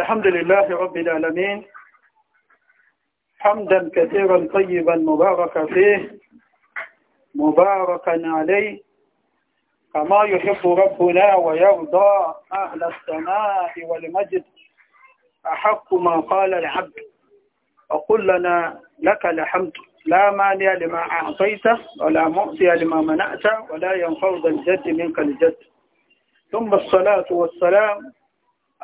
الحمد لله رب العالمين حمدا كثيرا طيبا مباركا فيه مباركا عليه كما يحب ربنا ويرضى أهل السماء والمجد أحق ما قال العبد وقل لنا لك الحمد لا مانع لما أعطيته ولا معطي لما منعته ولا ينفض الجد منك الجد ثم الصلاة والسلام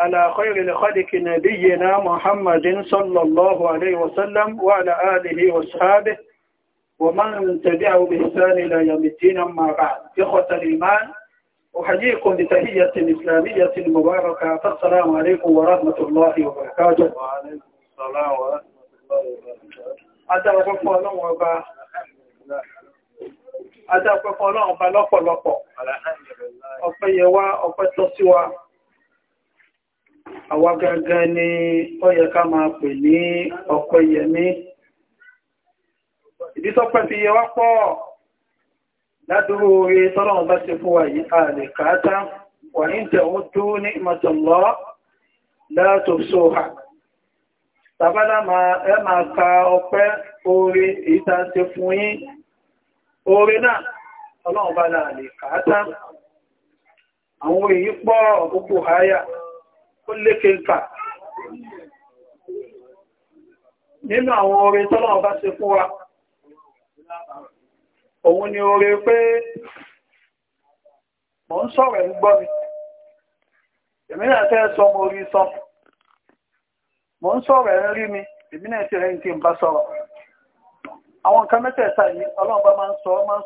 على خير لخلق نبينا محمد صلى الله عليه وسلم وعلى آله وصحابه ومن تبعه بإحسان إلى يوم الدين أما بعد إخوة الإيمان أحييكم بتحية إسلامية مباركة السلام عليكم ورحمة الله وبركاته وعليكم السلام ورحمة الله وبركاته أدعو الله وبركاته أدعوكم الله وبركاته ọpẹ́ yẹ wá ọpẹ́ tọ́ sí wa Awa gangan ni ó yẹ ká máa pè ní ọ̀pọ̀ yẹmí ìdí tọ́pẹ́ fi yẹ wá pọ̀ ládúró orí tọ́lọ́run bá ti fún wa yìí ààrẹ kàátá wà ní tẹ̀wọ́n tó ní ìmọ̀tọ̀lọ́ látò sóhà ẹ máa ka ọpẹ́ orí èyí tá fún yín orí náà ọlọ́run bá láàrẹ àwọn èyí pọ̀ ó lékè nkà nínú àwọn oore tọ́lọ́wọ́ ṣe fún wa òun ni oore pé ń sọ̀rọ̀ ń gbọ́ mi èmi náà tẹ́ sọ mo rí sọ mò ń sọ̀rọ̀ ń rí mi èmi náà ti ń n bá àwọn nǹkan mẹ́tẹ̀ẹ̀ta yìí máa ń sọ máa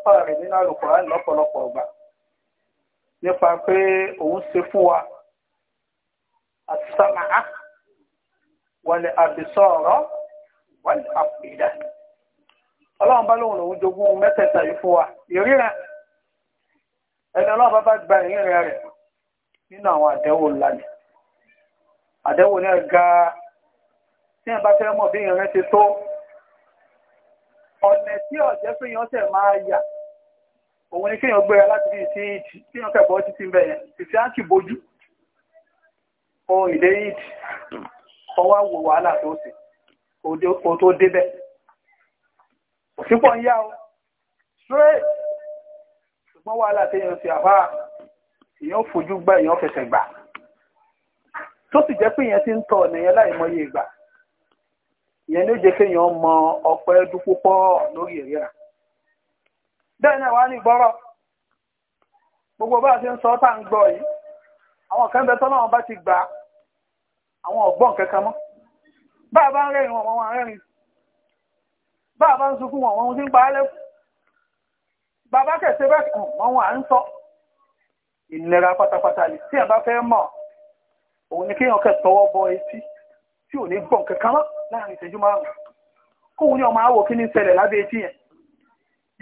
ń السمع والأبصار والأفئدة ọlọ́run bá lóhun lòun jogún mẹ́tẹ̀ẹ̀ta yìí fún wa ìríran ẹni ọlọ́run gba rẹ̀ nínú àwọn àdẹ́wò ńlá àdẹ́wò ga tí ẹ̀ bá fẹ́ mọ̀ bí ìrìn ti tó ọ̀nà tí ọ̀jẹ́ yàn tẹ̀ máa yà òun ni gbéra láti bí ìtì títí ohun ìdé yìí ọwọ́ wo wàhálà tó sì kò tó débẹ̀ òsípọ̀ ń yá o straight ṣùgbọ́n wàhálà téèyàn ti àbá èèyàn fojú gbá èèyàn fẹsẹ̀ gbà tó sì jẹ́ pé ìyẹn ti ń tọ̀ nìyẹn láìmọye ìgbà ìyẹn ló jẹ́ kéèyàn mọ ọpẹ́ dúpúpọ̀ lórí ìríra bẹ́ẹ̀ náà wà ní ìgbọ́rọ̀ gbogbo bá a ti ń sọ tá à ń gbọ́ yìí àwọn kan bẹ tọ́lọ́wọ́n bá ti gbà àwọn ọ̀gbọ́n kankan mọ́ bá a bá ń rẹ́rìn wọn wọn rẹ́rìn bá a bá ń sunkún wọn wọn ti ń pa á lẹ́kùn bàbá kẹsẹ̀ bẹ́ẹ̀ kàn wọn wọn à ń sọ ìnira pátápátá ni tí ẹ̀ bá fẹ́ mọ̀ òun ni kéèyàn kẹ́ tọwọ́ bọ etí tí ò ní gbọ̀n kankan mọ́ láàrin ìṣẹ́jú márùn-ún kóun ní ọmọ àwò kí ní ṣẹlẹ̀ lábẹ́ etí yẹn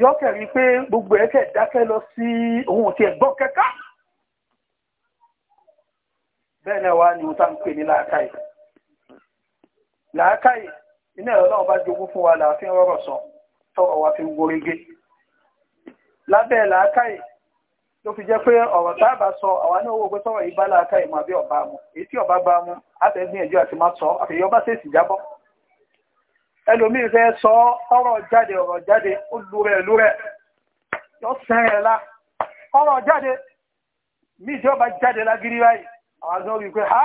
yọ́kẹ̀ rí pé gbogbo ẹ̀kẹ́ dákẹ́ lọ sí òun ò tiẹ̀ gbọ́n kankan bẹ́ẹ̀ náà wá ní ohun ń pè ní làákàyè làákàyè iná ẹ̀rọ náà bá jogún fún wa làáfin sọ tọrọ wa fi gborége lábẹ́ làákàyè ló fi jẹ́ pé ọ̀rọ̀ tá a bá sọ àwa náà wò pé tọrọ yìí bá làákàyè mu àbí ọ̀bá mu èyí tí ọ̀bá bá mu àti má sọ àfẹ̀yọ́ bá ẹlòmíì sọ jáde jáde ó yọ la jáde jáde àwọn agbọ́n rí pé ha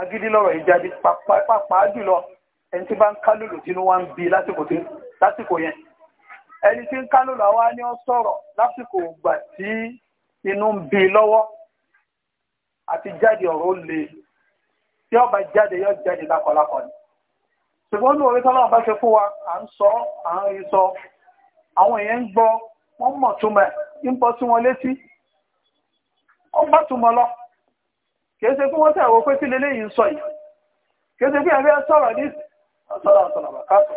agídí lọ́rọ̀ ìjáde pàápàá jùlọ ẹni tí bá ń kálùlù tínú wá ń bi lásìkò yẹn ẹni tí ń kálùlù àwa ni ó sọ̀rọ̀ lásìkò ìgbà tí inú ń bi lọ́wọ́ àti jáde ọ̀rọ̀ le tí ọba jáde yóò jáde lákọlákọ ni ṣùgbọ́n ní orí tọ́lọ́wọ́ bá ṣe fún wa à ń sọ à ń rí sọ àwọn èèyàn ń gbọ́ wọ́n mọ̀ túmọ̀ ń bọ́ sí wọn létí ó bá túmọ̀ lọ kìí ṣe kí wọ́n tẹ̀ wọ́n pé kí leléyìí ń sọ yìí kìí ṣe kí ẹ̀rí ẹ sọ̀rọ̀ ní ọ̀sọ̀rọ̀ ọ̀sọ̀rọ̀ bàkátọ̀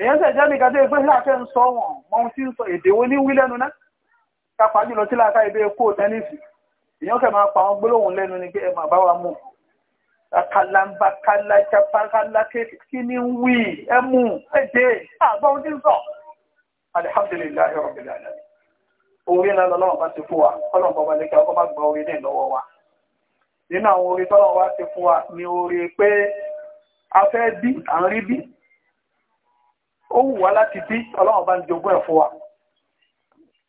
èyàn sẹ̀ jẹ́ nìkan tó pé láàkẹ́ ń sọ wọn wọn tí ń sọ èdè wo ní wí lẹ́nu náà kápá jùlọ tí láàká ibẹ̀ kó tẹ́nìsì èyàn kẹ̀ máa pa àwọn gbólóhùn lẹ́nu ni pé ẹ máa bá wa mú kàlàmbà kàlàjàpá kàlàkè kí nínú àwọn orí tọ́lọ̀ wá ti fún wa ni orí pé a fẹ́ bí à ń rí bí ó wù wá láti bí ọlọ́run bá ń jogún ẹ̀ fún wa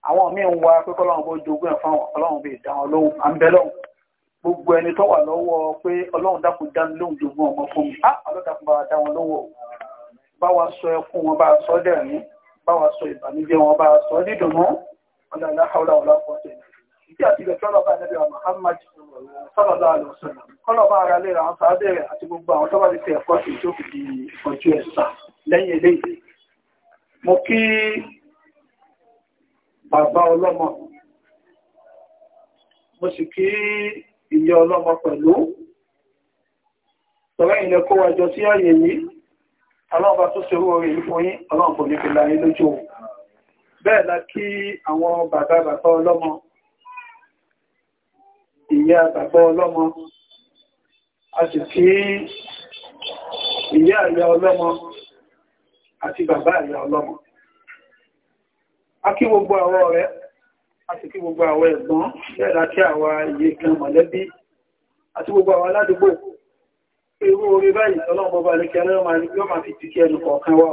àwọn míì ń wá pé kọ́lọ́run bó jogún ẹ̀ fún àwọn ọlọ́run bí ìdáwọn lóhùn à ń bẹ lọ́hùn gbogbo ẹni tó wà lọ́wọ́ pé ọlọ́run dákun dá mi lóhùn jogún ọmọ fún mi á ah! ọlọ́dàkùn bá wa dá wọn lọ́wọ́ bá wa sọ ẹkún wọn bá a sọ dẹ̀rín bá wa sọ ìbànújẹ́ wọn bá sọ dídùnú ọlọ́run láhàúlà ọlọ́pọ̀ tẹ̀lé ìdí àti ilẹ̀ tọ́lọ̀ bá ẹ̀nẹ́bí Muhammad sallallahu alaihi wasallam kọ́lọ̀ bá ara léra àwọn sáábẹ̀rẹ̀ àti gbogbo àwọn tọ́bà ti ẹ̀kọ́ sí tó di ọjọ́ ẹ̀sà lẹ́yìn eléyìí mo kí bàbá ọlọ́mọ mo sì kí ìyá ọlọ́mọ pẹ̀lú tọ́rẹ́ ilẹ̀ kó wájọ sí ààyè yìí aláwọ̀bá tó ṣe orí ìfún yí ọlọ́pọ̀ ní fi láyé bẹ́ẹ̀ la kí àwọn bàbá bàbá ọlọ́mọ ìyá àtàgbà ọlọ́mọ àti kí ìyá àyà ọlọ́mọ àti bàbá àyà ọlọ́mọ a kí gbogbo àwọn ọ̀rẹ́ àti kí gbogbo àwọn ẹ̀gbọ́n lẹ́ẹ̀dá kí àwa iye kan mọ̀lẹ́bí àti gbogbo àwọn aládùúgbò irú orí báyìí ọlọ́run bá lè kẹrẹ ọmọ yóò máa fi tìkí ẹnu kọ̀ọ̀kan wá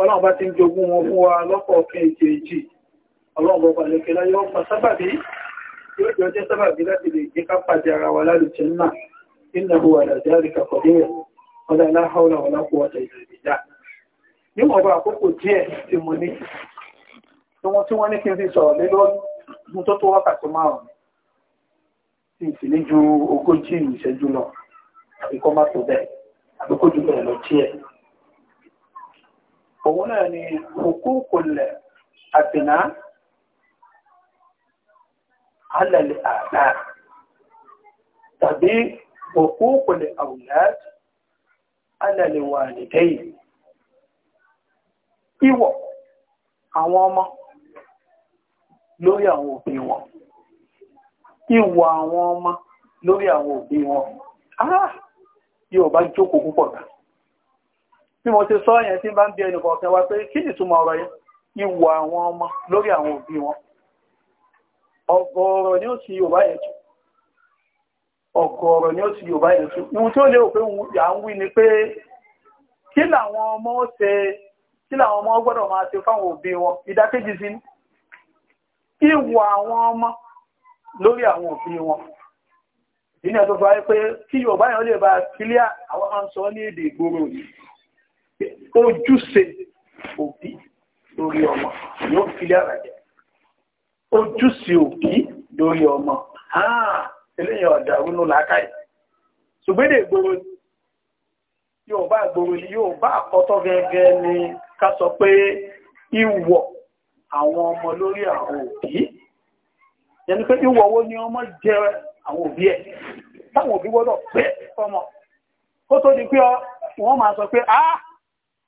ọlọ́run bá ti ń jogún wọn fún wa lọ́pọ̀ kejì ọlọ́run bọ̀bà lẹ́kẹ́ láyé ọ̀pá sábàbí yóò jọ jẹ́ sábàbí láti lè jẹ́ ká pàdé ara wa lálùjẹ́ náà iná huwa àdàjáre kàkọ̀dé rẹ̀ ọlá aláhàwọ̀lá wọlá kó wọ́n tẹ̀lé ìjà níwọ̀n bá àkókò díẹ̀ tí mo ní tí wọ́n tí wọ́n ní kí n fi sọ̀rọ̀ lé lórí mo tó tó wákàtí márùn-ún tí n sì ní ju ogójì ìṣẹ́jú lọ àbíkọ́ má tó bẹ́ẹ̀ àbíkó jù bẹ́ẹ̀ lọ díẹ̀ òun náà ni òkúkùnlẹ̀ àbìnà alẹ́lẹ̀ àdá tàbí òkúkùnlẹ̀ àwùlẹ́t alẹ́lẹ̀ wà nìdẹ́yìn ìwọ̀ àwọn ọmọ lórí àwọn òbí wọn ìwọ̀ àwọn ọmọ lórí àwọn òbí wọn ah yóò bá jókòó púpọ̀ náà bí mo ti sọ yẹn tí bá ń bí ẹnì kọ̀ọ̀kan wa pé kí ni túmọ̀ ọ̀rọ̀ yẹn ìwọ àwọn ọmọ lórí àwọn òbí wọn ọ̀gọ̀ọ̀rọ̀ ni ó ti Yorùbá yẹn jù ọ̀gọ̀ọ̀rọ̀ ni ohun tí ó lérò pé à ń wí ni pé kí làwọn ọmọ ṣe kí làwọn ọmọ gbọ́dọ̀ máa ṣe fáwọn òbí wọn ìdákéjì sí ìwọ àwọn ọmọ lórí àwọn òbí wọn ìdí ni ẹ̀ tó fà á pé kí Yorùbá yẹn lè bá kílíà àwọn máa sọ ní èdè ìgboro yìí ojúṣe òbí lórí ọmọ yóò filẹ̀ ara jẹ ojúṣe òbí lórí ọmọ eléyìn ọ̀dà rúnú làákàyè ṣùgbẹ́dẹ̀ ìgboro yóò bá ìgboro yóò bá àkọ́tọ́ gẹ́gẹ́ ni ká sọ pé ìwọ̀ àwọn ọmọ lórí àwọn òbí yẹni pé ìwọ̀ wo ni ọmọ jẹ àwọn òbí ẹ̀ táwọn òbí gbọ́dọ̀ pẹ́ ọmọ ó tó di pé wọ́n máa sọ pé ah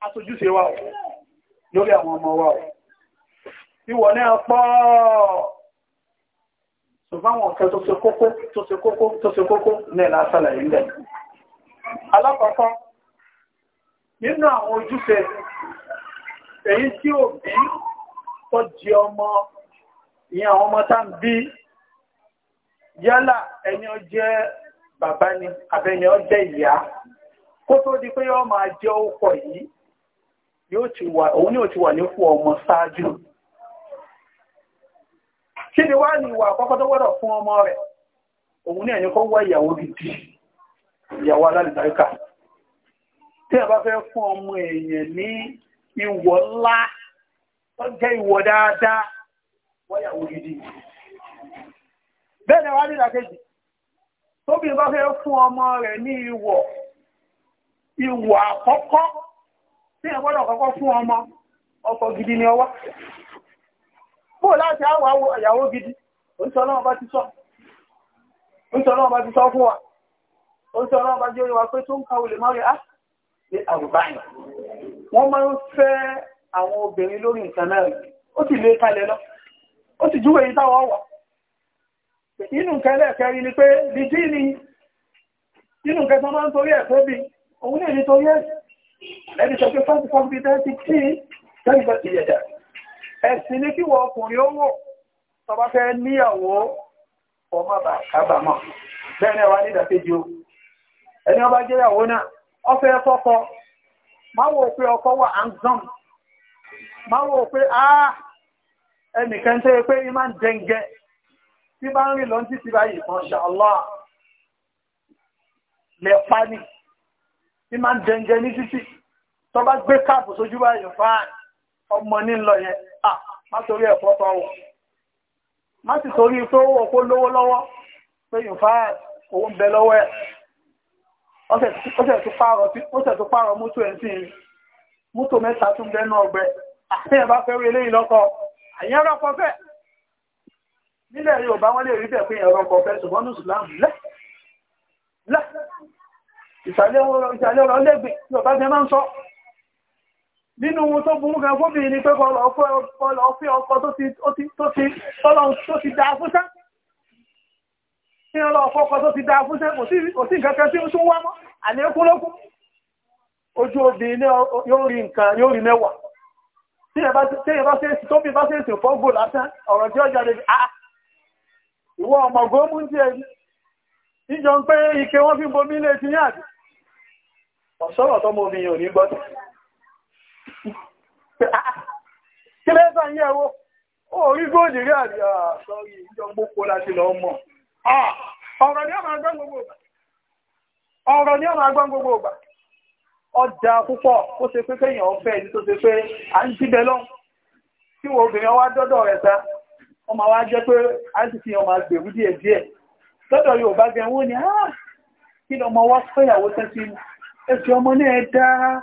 aṣojúṣe wa lórí àwọn ọmọ wa ìwọ̀ ní apọ́ ṣùgbọ́n ọ̀kẹ́ tó ṣe kókó tó ṣe kókó tó ṣe kókó ní lásàlẹ̀ ilẹ̀ alákọ̀ọ́kọ́ nínú àwọn ojúṣe èyí tí ò bí tó jẹ ọmọ ìyẹn àwọn ọmọ tá ń bí yálà ẹni ó jẹ́ bàbá ni àbẹ́ni ó jẹ́ ìyá kó tó di pé ó máa jẹ́ ó yìí òun ni ó ti wà ní fún ọmọ ṣáájú kí ni wá ní ìwà àkọ́kọ́ tó wọ́dọ̀ fún ọmọ rẹ̀ òun ní ẹni kọ́ wá ìyàwó gidi ìyàwó alálìbáríkà tí a bá fẹ́ fún ọmọ èèyàn ní ìwọ̀ ńlá tó jẹ́ ìwọ̀ dáadáa wáyàwó gidi bẹ́ẹ̀ ni wá ní ìdàkejì tóbi bá fẹ́ fún ọmọ rẹ̀ ní ìwọ̀ ìwọ̀ àkọ́kọ́ tí ẹ gbọ́dọ̀ kọ́kọ́ fún ọmọ ọkọ gidi ni ọwá bó láti àwọ̀ àwọ̀ ìyàwó gidi oúnṣọ́lọ́wọ́ bá ti sọ fún wa oúnṣọ́lọ́wọ́ bá jẹ́ oríwà pé tó ń ká olè mọ́rí á ní àrùbáyìn wọ́n máa ń fẹ́ àwọn obìnrin lórí nǹkan náà ó sì lé kalẹ̀ lọ ó ni ẹni sọ pé fásitì bí dẹ́ẹ̀tì tí lẹ́yìn bá ti yẹ̀dà ẹ̀sìn ní kí wọ́n ọkùnrin ó wò tọba fẹ́ níyàwó ọmọ bà kábàámọ̀ bẹ́ẹ̀ náà wà ní ìdàkejì o ẹni ọba jẹ́yàwó náà ọfẹ́ kọ́kọ́ máa wò pé ọkọ wà anzọ́m ah! máa wò pé áá ẹnìkan tẹ́ pé imá ń dẹ́ngẹ́ tí bá ń rìn lọ títí báyìí Masha Allah lẹ́pa ni imá ń dẹ́ngẹ́ ní títí tó bá gbé káàpù sójú báyìí fáàn ọmọ nílọ yẹn à má torí ẹ̀fọ́ tọ́ wọ̀ má sì torí tó wọ̀ kó lówó lọ́wọ́ pé yìí fáàn owó ń bẹ lọ́wọ́ ẹ̀ ó sẹ̀ tó pààrọ̀ mútu ẹ̀ sí i mútu mẹ́ta tún bẹ́ẹ̀ náà gbẹ àti ẹ̀ bá fẹ́ rí eléyìí lọ́kọ̀ àyẹ̀rọ kọfẹ́ nílẹ̀ Yorùbá wọ́n lè rí bẹ̀ pé ẹ̀rọ kọfẹ́ ṣùgbọ́n nùsùlámù lẹ́ lẹ́ ìsàlẹ̀ ọ̀rọ̀ lẹ́gbẹ̀ẹ́ Yorùbá jẹ́ máa ń sọ nínú ohun tó burú gan gómìnà ni pé kọlọ fẹ́ ọkọ tó ti dá fúnṣẹ́ kí wọ́n lọ fọ́kọ tó ti dá fúnṣẹ́ kò sí nǹkan kan tí ó tún wá mọ́ àlékún lókún ojú obìnrin yóò rí nǹkan yóò rí mẹ́wàá tí ẹ bá ṣe èsì tó bí bá ṣe èsì fọ́gbò lásán ọ̀rọ̀ tí ó jáde àá ah, ìwọ ọmọ gómú tí ẹ níjọ ń pé ike wọ́n fi bomi lé ti ní àdì ọ̀sọ́rọ̀ tọ́mọ obìnrin ò ní gbọ́dọ̀ kí lẹ́sà ah, ń O wo orí góòlì rí àríyá láti lọ mọ̀ ah, ọ̀rọ̀ ọmọ ni ọmọ gbogbo ọjà púpọ̀ ó ṣe pé kéèyàn ọ̀fẹ́ ẹni tó ṣe pé à ń tí obìnrin ọwá ah, ọmọ wa jẹ́ pé a ti ọmọ díẹ̀ díẹ̀ lọ́dọ̀ Yorùbá ni kí fẹ́yàwó tẹ́sí ẹ̀sìn ọmọ náà dáa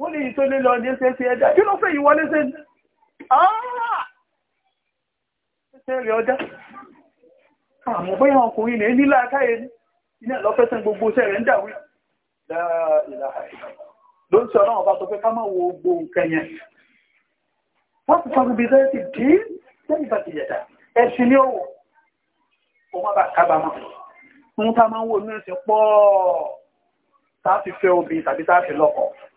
wọ́n lè yí tó lé lọ ní ṣe ṣe ẹ̀dá kí ló fẹ́ yí wọlé ṣe ní ah! ṣe rẹ̀ ọjá àwọn bóyá ọkùnrin ní nílá káyé iná lọ́fẹ́sẹ̀ gbogbo ṣẹ́ rẹ̀ ń dàwí ló ń sọ ọ̀rọ̀ ọba tó fẹ́ ká máa wo gbogbo nǹkan yẹn wọ́n ti sọ gbogbo ìṣẹ́ ti dí lẹ́yìn bá ti yẹ̀dá ẹ̀sìn ní òwò ó má bà kábàámọ̀ ohun tá máa ń wò ní ẹ̀sìn pọ̀ tá fi fẹ́ obì tàbí tá fi lọ́kọ̀ọ́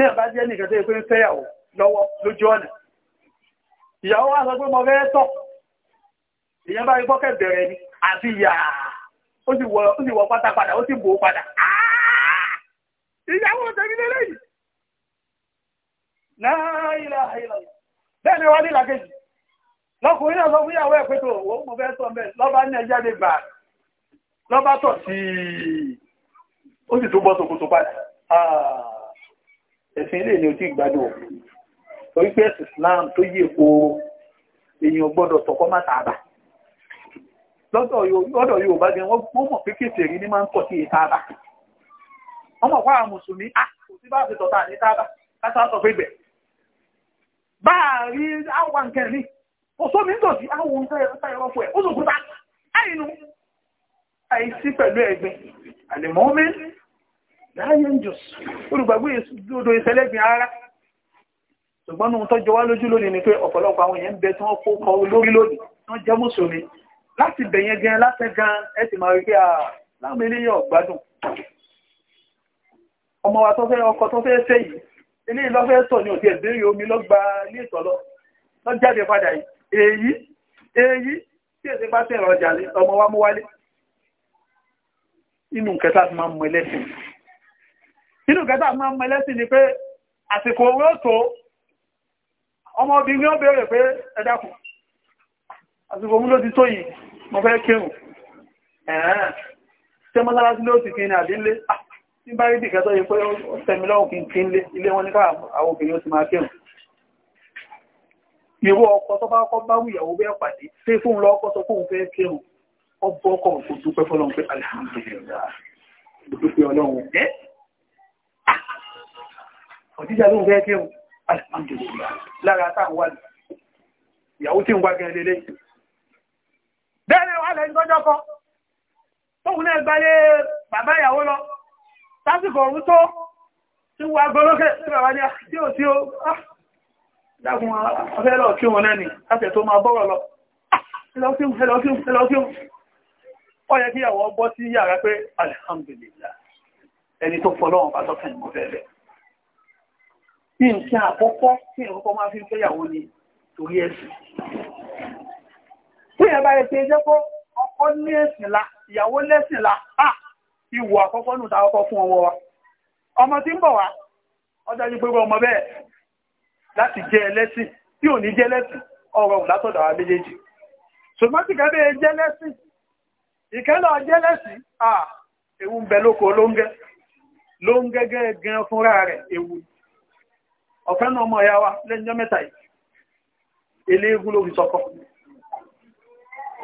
tí ẹ̀ bá jẹ́ nìkan tó yẹ pé ń fẹ́yàwó lọ́wọ́ lójú ọ̀nà ìyàwó wá sọ pé mo fẹ́ tọ̀ ìyẹn bá rí bọ́kẹ̀ bẹ̀rẹ̀ ni àti ìyà ó sì wọ pátá padà ó sì bò ó padà ìyàwó tẹ̀lé lélẹ́yìn náà ilẹ̀ àìlọ́ bẹ́ẹ̀ ni wọ́n ní làkejì lọ́kùnrin náà sọ fún ìyàwó ẹ̀ pé tó òun mo fẹ́ tọ̀ mẹ́ lọ́ba ní ẹjẹ́ lè gbà lọ́ba tọ̀ sí i ó sì tún bọ́ sòkòtò padà. ẹ̀sìn ilé ni ojú ìgbádùn torí pé ẹ̀sìn Islam tó yí epo èèyàn gbọ́dọ̀ tọkọ má tààbà lọ́dọ̀ Yorùbá gan wọ́n mọ̀ pé kèfèrí ní máa ń sí wọ́n mọ̀ mùsùlùmí á ah, kò sí a ní sọ pé bẹ̀ bá a rí àwọn láyé ń jù olùgbàgbé ìsúdó ìsẹlẹ́gbìn ara ṣùgbọ́n nù tó jọ wá lójú lónìí ni pé ọ̀pọ̀lọpọ̀ àwọn èèyàn ń bẹ tí wọ́n kó kọ olórí lónìí wọ́n jẹ́ mùsùlùmí láti bẹ̀yẹn gan látẹ́ gan ẹ sì máa rí pé láwọn eléyìí ọ̀gbádùn ọmọ wa tó fẹ́ ọkọ tó fẹ́ fẹ́ yìí eléyìí lọ́fẹ́ tọ̀ ní òtí ẹ̀bẹ̀rẹ̀ omi lọ́gba ilé ìtọ́ lọ lọ jáde inú kẹta máa mọ ẹlẹ́sìn ni pé àsìkò owó tó ọmọbìnrin ó béèrè pé ẹ dákun àsìkò mú ló ti tó yìí mo fẹ́ kírun ẹ̀ẹ́n tí mọ́sálásí ló ti kí ní àdínlé ní ah, bá rí dìkẹ́ tó yẹ pé ó tẹ̀mí lọ́wọ́ kí n kí nlé ilé wọn ní káà àwọn obìnrin ó ti máa kírun ìwọ ọkọ tó bá kọ́ bá wù ìyàwó bẹ́ẹ̀ pàdé tí fún lọ́kọ́ tó fún fẹ́ kírun ọbọ̀ ọkọ̀ kò dúpẹ́ fọ́lọ́run pé alihamdulilayi òjíjà ló ń fẹ́ kí lára táwọn ìyàwó tí ń wá gẹ̀ẹ́ lélẹ́ bẹ́ẹ̀rẹ̀ wà lẹ́yìn tọ́jọ́ kọ tóhun náà gbalé bàbá ìyàwó lọ tásìkò òun tó tí wà gbọ́lókè tí bàbá ní ah, tí ò tí ó ah, dákun ọfẹ́ lọ kí wọn lẹ́ni láti tó máa bọ́rọ̀ lọ ah, ẹlọ́kíun ẹlọ́kíun ẹlọ́kíun ó yẹ kí alhamdulillah ẹni tó fọ́lọ́ ọba tọ́kàn ìmọ̀ fẹ́ẹ̀lẹ̀. Bí n kí àkọ́kọ́ tí ìrúkọ máa fi ń fẹ́yàwó ni torí ẹ̀sìn. Tí ìyẹn bá rẹ̀ pé jẹ́ pé ọkọ ní ẹ̀sìn la, ìyàwó lẹ́sìn la, à ìwò àkọ́kọ́ nù táwọ́kọ́ fún ọmọ wa. Ọmọ tí ń bọ̀ wá, ọjọ́ yìí pé ọmọ bẹ́ẹ̀ láti jẹ́ ẹlẹ́sìn tí ò ní jẹ́ lẹ́sìn ọ̀rọ̀ látọ̀dọ̀ àwọn méjèèjì. Ṣùgbọ́n tí kẹ́bẹ̀ẹ́ jẹ́ lẹ́sìn, ìkẹ́lọ̀ jẹ́ lẹ́sìn, à ewu ń bẹ lóko olóńgẹ́ ló ń gẹ́gẹ́ gan fúnra rẹ̀ ewu ọ̀fẹ́ náà ọmọ ìyá wa lẹ́jọ́ mẹ́ta yìí eléégún lórí sọ́kọ́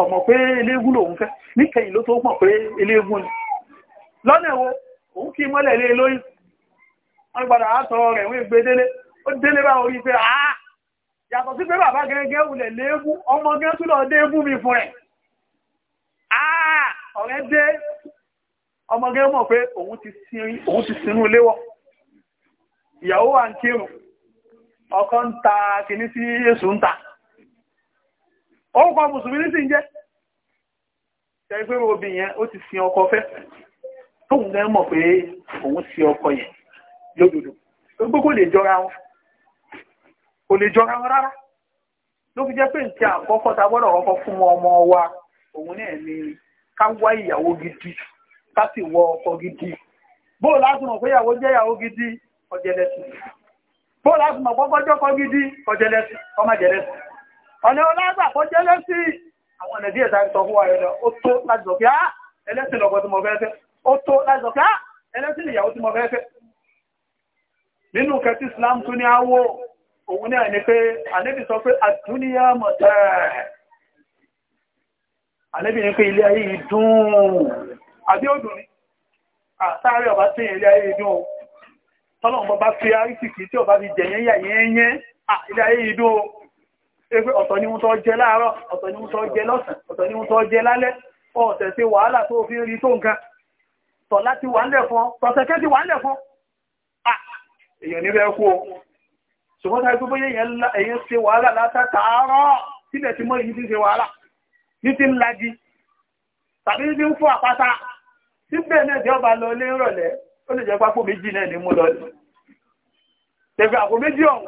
ọmọ pé eléégún lòun fẹ́ níkẹyìn ló tó mọ̀ pé eléégún ni lọ́nà ẹ̀wọ́ òun kí mọ́lẹ̀ lé lórí wọ́n gbọ́dọ̀ yàtọ̀ sí pé bàbá gẹ́gẹ́ wulẹ̀ léégún ọmọ gẹ́gẹ́ tó lọ dé mi fún rẹ̀ àá dé ọmọge mọ̀ pé òun ti sinú léwọ̀ ìyàwó nke ń ọkọ ń ta kìíní sí èsù ń ta mùsùlùmí sí ń jẹ́ ṣe pé obì yẹn ti sin fẹ́ tóun gẹ́ mọ̀ pé òun sí ọkọ yẹn lódodo gbogbo kò lè jọra wọn kò lè jọra wọn rárá ló fi jẹ́ pé nǹkan àkọ́kọ́ ta gbọ́dọ̀ kọ́kọ́ fún ọmọ wa òun náà ni ká wá ìyàwó ká sì wọ ọkọ gidi bóò láti mọ̀ pé ìyàwó jẹ́ ìyàwó gidi ọjẹ́lẹ́sì bóò láti mọ̀ pọ́pọ́jọ́ kọ gidi ọjẹ́lẹ́sì ọ̀nà ọlọ́gbà kọ jẹ́lẹ́sì àwọn ọ̀nà díẹ̀ ní àwọ pé ànábì sọ pé àdúníyà mọ̀tẹ́ ànábì ni pé ilé ayé yìí àbí òdùn ni àtàrí ọba tí ilé ayé ìdún o tọ́lọ̀mọ́ bá fi àrísìkì tí ọba fi jẹ̀yẹ́ yà yẹ́yẹ́ ilé ayé ìdún o pé ọ̀tọ̀ ni wọ́n tó jẹ láàárọ̀ ọ̀tọ̀ ni wọ́n tó jẹ lọ́sàn ọ̀tọ̀ ni wọ́n tó jẹ lálẹ́ ọ̀tẹ̀ sí wàhálà tó fi ń rí tó nǹkan tọ̀ láti wà ńlẹ̀ fún tọ̀sẹ̀kẹ́ ti wà ńlẹ̀ fún èèyàn níbẹ̀ kú o ṣùgbọ́n tá ikú bóyá èèyàn ṣe wàhálà látàtàárọ̀ síbẹ̀ tí mọ́ èyí ti ṣe wàhálà ní ti ń lagi tàbí ní ti ń fún àpáta síbẹ̀ náà tí ọba lọ lé rọ̀lẹ́ ó lè jẹ́ pápó méjì náà ní mú lọ lé tẹ̀fẹ̀ àpò méjì ọ̀hún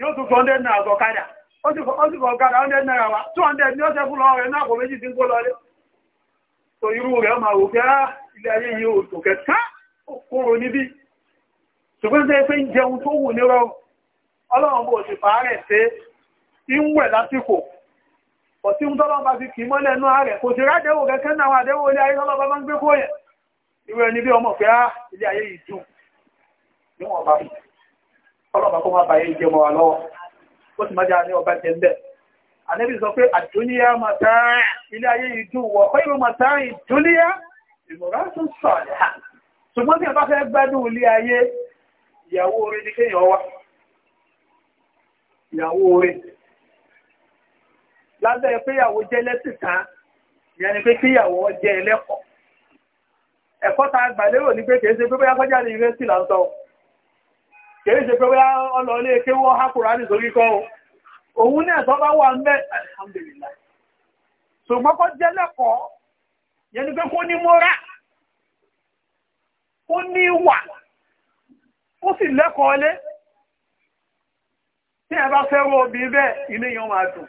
yóò tún fọ́ ọ́ndẹ́ náà ọ̀kadà ó sì fọ́ ọ̀kadà ọ́ndẹ́ náà wa tó ọ̀ndẹ́ ní ọ̀sẹ̀ fún lọ́wọ́ rẹ̀ náà àpò méjì ti ń kó lọ lé tó irú rẹ̀ máa ah, ilé ayé yìí ò tó kẹta ó kúrò ṣùgbọ́n pé ń jẹun tó wù kò tí ń tọ́lọ́ba fi kì í mọ́lẹ̀ inú ààrẹ kò sí rádẹ́wò kẹ́kẹ́ náà àwọn àdẹ́wò ilé ayé tọ́lọ́ba máa ń gbé kóyẹ̀ irú ẹni bí ọmọ pé á ah, ilé ayé yìí dùn níwọ̀n bá tọ́lọ́ba kó máa bàyẹ̀ ìjẹmọ̀ wà lọ́wọ́ ó sì máa jẹ́ àní ọba jẹ́ ńbẹ̀ ànẹ́bí sọ pé àdúnyá màtá ilé ayé yìí dùn wọ̀ pé irú màtá ìdúnyá ìmọ̀ra tó sọ̀rọ̀ ṣùgbọ́n tí ẹ bá fẹ́ gbádùn ilé ayé ìyàwó orin ni kéèyàn wá ìyàwó orin lábẹ́ péyàwó jẹ́ lẹ́sìn tán ìyẹn ni pé kíyàwó jẹ́ ẹlẹ́kọ̀ọ́ ẹ̀kọ́ ta gbàlérò ní pé kèése pé bóyá kọjá ní yunifásitì là ń sọ kèése pé bóyá kéwọ́ hákùrá kọ́ òun ní ẹ̀sọ́ bá wà ṣùgbọ́n kọ́ jẹ́ lẹ́kọ̀ọ́ ni pé kó ní mọ́ra kó ní wà ó sì tí ẹ bá fẹ́ bẹ́ẹ̀ ilé yẹn máa dùn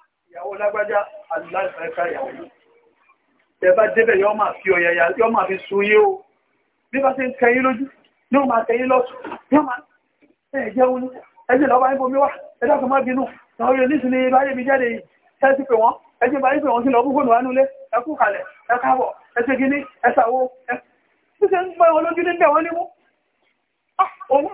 ìyàwó lágbájá aláìsàkà ìyàwó tẹ́bá débẹ̀ yọ́ máa fi ọ̀yàyà yọ́ máa fi sun yé o bí bá ṣe ń kẹyìn lójú yóò máa kẹyìn lọ́tù yóò máa ẹ̀jẹ̀ wọn ẹ̀jẹ̀ lọ́ba ń bomi wá ẹ̀dá kan má bínú àwọn yóò nísìnyí báyé mi jáde yìí ẹ̀ sì pè wọ́n ẹ̀jẹ̀ báyé pè wọ́n sí lọ́ọ́ gbogbo nùwánulẹ̀ ẹ kú kalẹ̀ ẹ káàbọ̀ ẹ ṣe kíní ẹ ṣàwo ẹ ṣe ń gbọ́ wọn lójú níbẹ̀ wọ́n ní mú ah, òun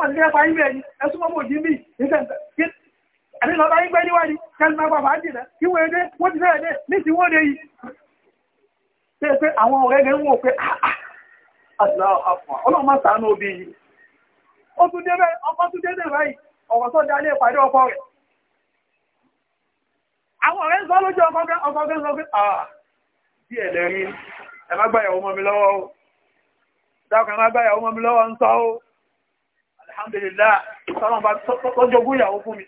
àti lọ́bá yí pẹ́ níwájú kẹ́lùmọ́ bàbá jìnà kí wọ́n èdè wọ́n ti fẹ́ẹ̀dẹ́ ní ti wọ́n dé yìí pé pé àwọn ọ̀rẹ́ gẹ̀ ń wò pé ọlọ́mọ sàánú obì yìí ó tún dé bẹ́ẹ̀ ọkọ tún dé bẹ́ẹ̀ báyìí ọ̀rọ̀ tó dalé ìpàdé ọkọ rẹ̀ àwọn ọ̀rẹ́ ń sọ lójú ọkọ gẹ́ ọkọ gẹ́ sọ pé ah díẹ̀ lẹ́rí ẹ má gbàyàwó mọ́ mi lọ́wọ́ o dákun ẹ má gbàyàwó mọ́ mi lọ́wọ́ ń sọ o alhamdulillah sọ́nà bá tọ́jọ́gún ìyàwó fún mi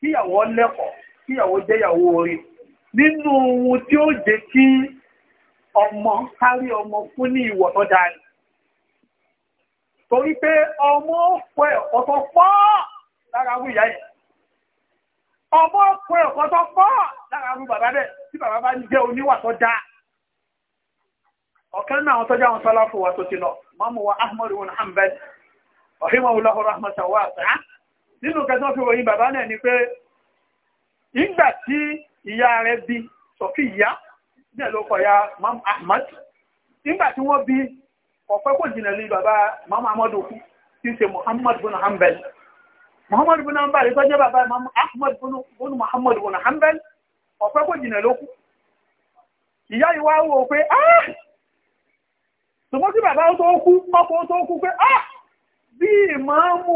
kíyàwó lẹ́kọ̀ọ́ kíyàwó jẹ́yàwó orí nínú ohun tí ó jẹ́ kí ọmọ kárí ọmọ fún ní ìwọ̀ tó dáa torí pé ọmọ ọ̀pọ̀ ẹ̀kọ́ tó pọ̀ lára rú ìyá ọmọ ọ̀pọ̀ ẹ̀kọ́ tó pọ̀ lára rú bàbá bẹ́ẹ̀ tí bàbá bá ń jẹ́ oníwà tó dáa náà sọ́lá fún wa tó ti lọ mọ́mú wa ibn nínú kẹsàn fi ròyìn bàbá náà ni pé ìgbà tí ìyá rẹ̀ bí sọ̀fí ìyá ní ẹ̀lọ́kọ̀ ya Mam Ahmad ìgbà tí wọ́n bí ọ̀pẹ́ kò jìnà lè bàbá Mam Ahmad kú tí í ṣe Muhammad bin Hanbal Muhammad bin Hanbal tó jẹ́ bàbá Mam Ahmad bin Muhammad bin Hanbal ọ̀pẹ́ kò jìnà lókù ìyá ìwá wò pé ah ṣùgbọ́n kí bàbá tó kú mọ́kọ́ tó kú pé ah bí ìmáàmù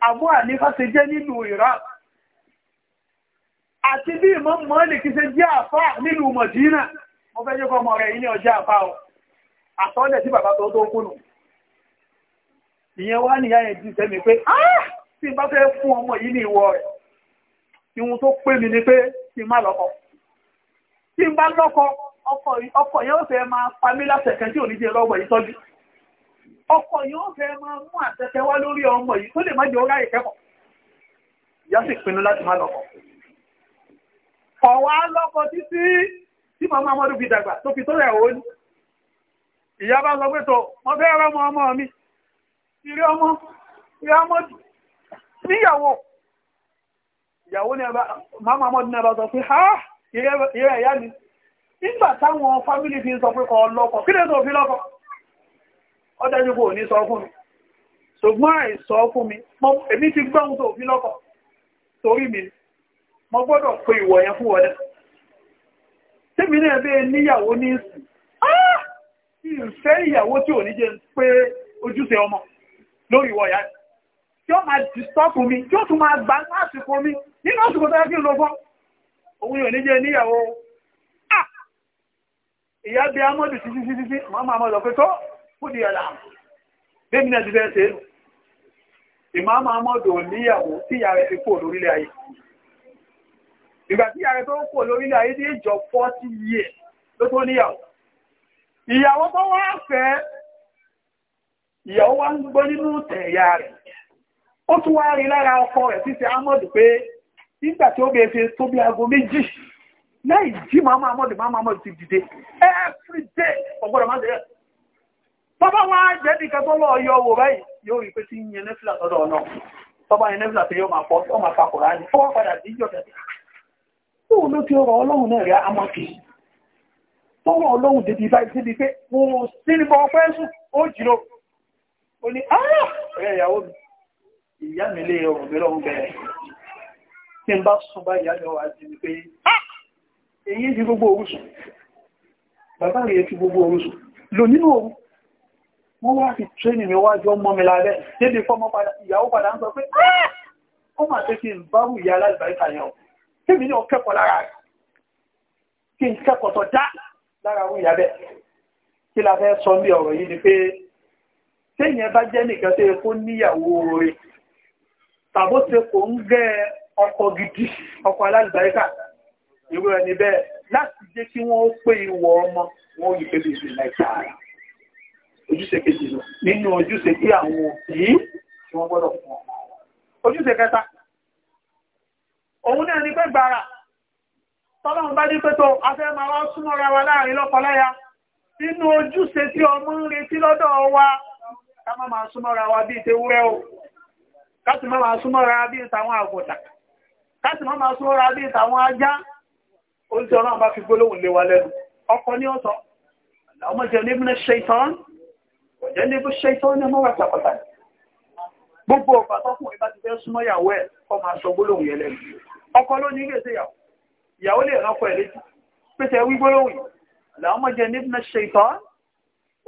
Abu Hanifa ṣe jẹ́ nínú Iraq àti bí Imam Malik ṣe jẹ́ àfá nínú Madina mo fẹ́ jẹ́ kọmọ rẹ̀ ilé ọjọ́ àfá ọ àtọ́lẹ̀ tí bàbá tó tó kúnnù ìyẹn wá ní yáyẹ̀ jù tẹ́mi pé ah! tí bá fẹ́ fún ọmọ yìí ní ìwọ rẹ̀ ni pé tí má ọkọ yóò fẹ́ máa mú àtẹ́tẹ́ wá lórí ọmọ yìí tó lè má jẹ́ ó ráyè kẹ́kọ̀ọ́ ìyá sì pinnu láti má lọ́kọ ọ̀wá lọ́kọ títí tí màmá ọmọdún fi dàgbà tó fi tó rẹ̀ ó ní ìyá bá sọ pé tó mo fẹ́ rẹ́ ọmọ ọmọ mi ìrí ọmọ ìrí ọmọ níyàwó ìyàwó ní ẹba màmá ọmọdún ẹba sọ pé ha ìrẹ́ ìyá mi nígbà táwọn fámílì fi sọ pé kọ lọ́kọ kí lè tó fi lọ́kọ ó kò ní sọ fún mi ṣùgbọ́n àìsọ fún mi èmi ti gbọ́n tó fi lọ́kọ̀ torí mi mo gbọ́dọ̀ pé ìwọ̀ yẹn fún wọlé tèmi náà bẹ́ẹ̀ níyàwó ní ìsìn ah! ìfẹ́ ìyàwó tí ò ní jẹ́ pé ojúṣe ọmọ lórí ìwọ̀ yáà tí ó máa dìstọ́pù mi tí ó tún máa gbà lásìkò mi nínú àsìkò tó yẹ kí n lọ fọ́n òun yóò ní jẹ́ níyàwó ah! ìyá bí amọ́dù títí títí màmá amọ́dù pé tó fúdí ẹ̀là bẹ́mi náà ti bẹ́ẹ̀ ṣe é ìmáàmà amọ́dọ̀ níyàwó tí ìyá rẹ̀ ti kò lórílẹ̀ ayé ìgbà tí ìyá rẹ̀ tó kò lórílẹ̀ ayé ní ìjọ 40 years ló tó níyàwó ìyàwó tó wá fẹ́ ìyàwó wá ń gbọ́ nínú tẹ̀yà rẹ̀ ó tún wá rí lára ọkọ rẹ̀ títí amọ́dù pé nígbà tí ó bẹ̀ẹ́ fi tó bí aago méjì láì jí màmá amọ́dù màmá amọ́dù ti dìde every day ọgbọ́dọ̀ máa bọ́bá wọn á jẹ́ bí kẹgbọ́lọ́ ọyọ wò báyìí yóò rí pé tí yẹn nẹ́fìlà sọ́dọ̀ ọ̀nà bọ́bá yẹn nẹ́fìlà tí yóò máa pọ̀ tó máa fakọ̀rọ̀ á ní fọwọ́ padà sí ìjọ tẹ̀sí tóun ló ti rọ ọlọ́run náà rí amọ́kì tọ́wọ́ ọlọ́run débi báyìí débi pé mo sí ní bọ́ fẹ́ sùn ó jìnnà ó ní ọ̀rẹ́ ìyàwó mi ìyá mi lé ọrùn mi lọ́rùn bẹ̀rẹ̀ tí n bá sùn bá ìyá mi wà á di pé èyí ti gbogbo orúsùn bàbá rẹ̀ ti gbogbo orúsùn lò nínú òru wọ́n wá fi tréní mi wájú ọmọ mi lálẹ́ débi fọ́mọ padà ìyàwó padà ń sọ pé ah! ó mà ṣe kí n bárù ìyá aláìbáríkà yẹn o kí mi ní o kẹ́kọ̀ọ́ lára rẹ̀ kí n kẹ́kọ̀ọ́ tó já lára àwọn ìyá bẹ́ẹ̀ kí la fẹ́ sọ bí ọ̀rọ̀ yìí ni pé téèyàn bá jẹ́ nìkan tó yẹ kó níyàwó rẹ̀ tàbó ṣe kò ń gẹ́ ọkọ gidi ọkọ aláìbáríkà irú ẹni bẹ́ẹ̀ láti jẹ́ kí wọ́n pé ìwọ ọmọ wọn ò yí pé bèbè láìpẹ́ ojúṣe kejì lọ nínú ojúṣe tí àwọn òbí tí wọ́n gbọ́dọ̀ fún ọ ojúṣe kẹta òun náà ni pé gbàrà tọ́lọ́run bá ní pé tó afẹ́ máa wá súnmọ́ra wa láàrin lọ́kọláya nínú ojúṣe tí ọmọ ń retí lọ́dọ̀ wa ọmọ jẹ́ ní ibùdó ọ̀jẹ́ ní bó ṣe ìtọ́ ní mọ́wàá pàpàtà gbogbo ọ̀pá tọkùnrin bá ti fẹ́ súnmọ́ ìyàwó ẹ̀ kọ́ máa sọ gbólóhùn yẹn lẹ́nu ọkọ ló ní gbèsè ìyàwó ìyàwó lè rán ọkọ ẹ̀ létí pèsè wí gbólóhùn yìí làwọn ọmọdé ní bí ṣe ìtọ́